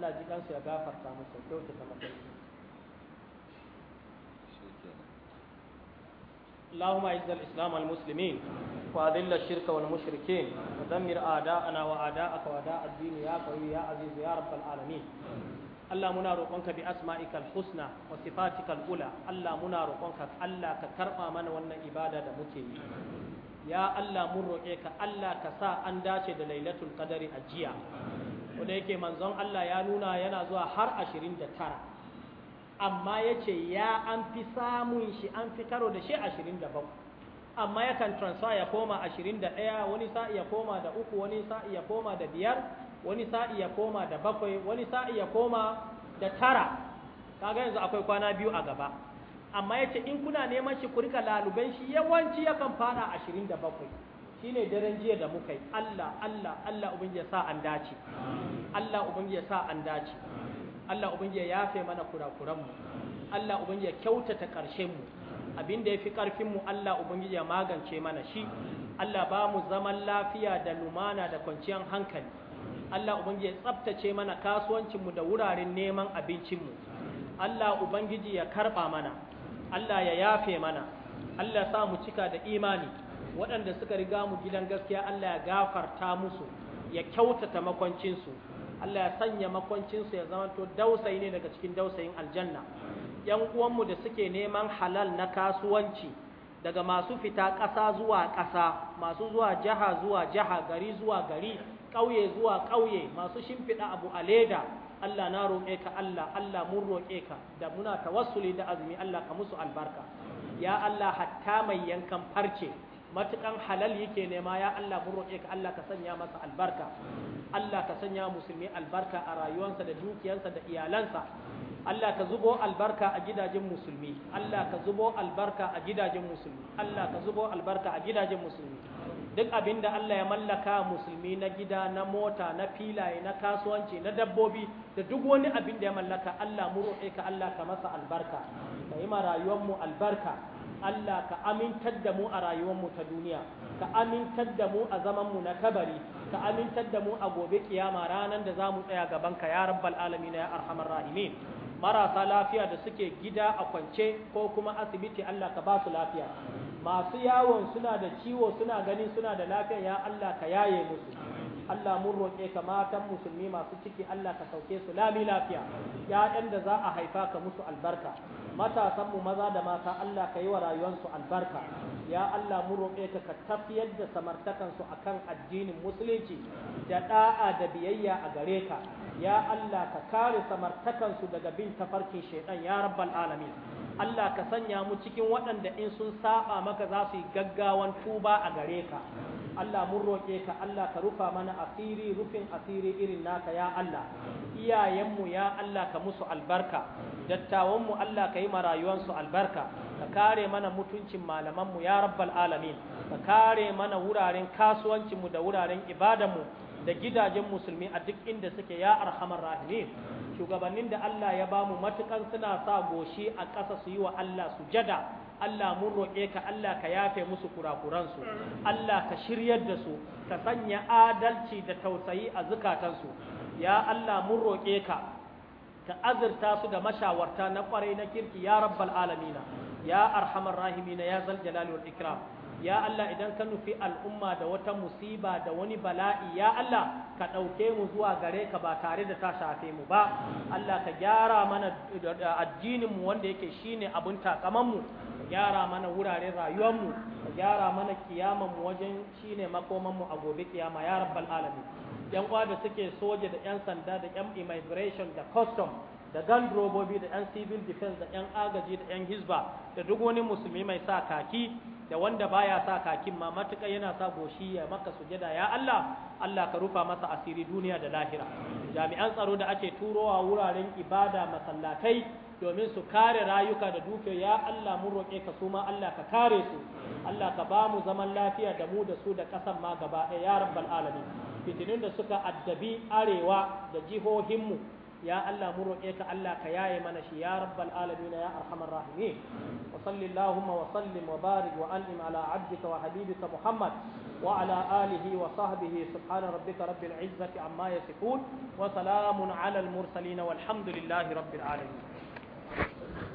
Speaker 1: Allah jikansu ya gafarta musu kyauta ta mutum اللهم اعز الاسلام والمسلمين واذل الشرك والمشركين ودمر اعداءنا واعداءك واعداء الدين يا قوي يا عزيز يا رب العالمين Allah muna roƙonka bi asma'ikal husna wa sifatikal ula Allah muna roƙonka Allah ka karɓa mana wannan ibada da muke yi ya Allah mun roƙe ka Allah ka sa an dace da lailatul qadari a jiya wanda yake manzon Allah ya nuna yana zuwa har ashirin da tara amma yace ya an fi samun shi an fi karo da shi ashirin da bakwai amma yakan transfer ya koma ashirin da ɗaya wani sa'i ya koma da uku wani sa'i ya koma da biyar wani sa'i ya koma da bakwai wani sa'i ya koma da tara kaga yanzu akwai kwana biyu a gaba amma yace in kuna neman shi ku rika laluben shi yawanci yakan fada ashirin da bakwai shi ne daren jiya da muka yi Allah Allah Allah ubangiji ya sa an dace Allah ubangiji ya sa an dace Allah ubangiji ya yafe mana kurakuran mu Allah ubangiji ya kyautata karshen mu abin da yafi karfin mu Allah ubangiji ya magance mana shi Allah ba mu zaman lafiya da lumana da kwanciyar hankali Allah ubangiji ya tsaftace mana kasuwancin mu da wuraren neman abincinmu. mu Allah ubangiji ya karɓa mana Allah ya yafe mana Allah sa mu cika da imani waɗanda suka riga mu gidan gaskiya Allah ya gafarta musu ya kyautata makwancinsu Allah ya sanya makwancinsu ya zama to dausayi ne daga cikin dausayin aljanna yan uwanmu da suke neman halal na kasuwanci daga masu fita ƙasa zuwa ƙasa masu zuwa jaha zuwa jaha gari zuwa gari ƙauye zuwa ƙauye masu shimfiɗa abu a leda Allah na roƙe ka Allah Allah mun roƙe ka da muna tawassuli da azumi Allah ka musu albarka ya Allah hatta mai yankan farce matukan halal yake nema ya Allah mun roƙe ka Allah ka sanya masa albarka Allah ka sanya musulmi albarka a rayuwarsa da dukiyarsa da iyalansa Allah ka zubo albarka a gidajen musulmi Allah ka zubo albarka a gidajen musulmi Allah ka zubo albarka a gidajen musulmi duk abinda Allah ya mallaka musulmi na gida na mota na filaye na kasuwanci na dabbobi da duk wani abinda ya mallaka Allah mu roƙe ka Allah ka masa albarka ka yi ma rayuwar mu albarka Allah ka amintar da mu a rayuwarmu ta duniya ka amintar da mu a zamanmu na kabari ka amintar da mu a gobe kiyama ranar da za mu tsaya gaban ka ya rabbal alamin ya arhamar rahimin marasa lafiya da suke gida a kwance ko kuma asibiti Allah ka ba su lafiya masu yawon suna da ciwo suna ganin suna da lafiya ya Allah ka yaye musu Allah mun roƙe ka matan musulmi masu ciki Allah ka sauke su lami lafiya ƴaƴan da za a haifa ka musu albarka matasan mu maza da mata Allah ka yi wa rayuwarsu albarka ya Allah mun roƙe ka ka tafiyar da samartakan su akan addinin musulunci da da'a da biyayya a gare ka ya Allah ka kare samartakan su daga bin tafarkin shaidan ya rabbal alamin Allah ka sanya mu cikin waɗanda in sun saba maka za su yi gaggawan tuba a gare ka Allah mun roƙe ka Allah ka rufa mana asiri rufin asiri irin naka ya Allah iyayenmu ya Allah ka musu albarka dattawanmu Allah ka yi marayuwansu albarka ka kare mana mutuncin malamanmu ya rabbal alamin ka kare mana wuraren kasuwancinmu da wuraren ibadanmu da gidajen musulmi a duk inda suke ya arhamar rahimin shugabannin da Allah ya bamu matukan suna sa goshi a ƙasa su yi wa Allah sujada Allah mun roƙe ka Allah ka yafe musu kurakuransu Allah ka shiryar da su ka sanya adalci da tausayi a zukatansu ya Allah mun roƙe ka ka azurta su da mashawarta na ƙwarai na kirki ya rabbal alamina ya arhamar rahimina ya zal jalali wal ikram ya Allah idan ka nufi al'umma da wata musiba da wani bala'i ya Allah ka ɗauke mu zuwa gare ka ba tare da ta shafe mu ba Allah ka gyara mana addininmu wanda yake shi ne abin takamanmu. Ka gyara mana wuraren rayuwanmu. Ka gyara mana kiyamanmu mu wajen shi ne makomanmu a gobe kiyama ya rabbal alamin yan uwa da suke soja da yan sanda da yan immigration da custom da gan robobi da yan civil defense da yan agaji da yan hisba da duk wani musulmi mai sa kaki da wanda baya sa kakin ma matuƙa yana sa goshi ya maka sujada ya Allah Allah ka rufa masa asiri duniya da lahira jami'an tsaro da ake turowa wuraren ibada masallatai domin su kare rayuka da dukiya ya Allah mun roƙe ka su ma Allah ka kare su Allah ka ba mu zaman lafiya da mu da su da ƙasar ma gaba ɗaya ya rabbal alamin fitinin da suka addabi arewa da jihohinmu ya Allah mu roƙe ka Allah ka yaye mana shi ya rabbal alamin ya arhamar rahimin wa sallallahu wa sallim wa barik wa an'im ala abdika wa habibika muhammad wa ala alihi wa sahbihi subhana rabbika rabbil izzati amma yasifun wa salamun ala al mursalin walhamdulillahi rabbil alamin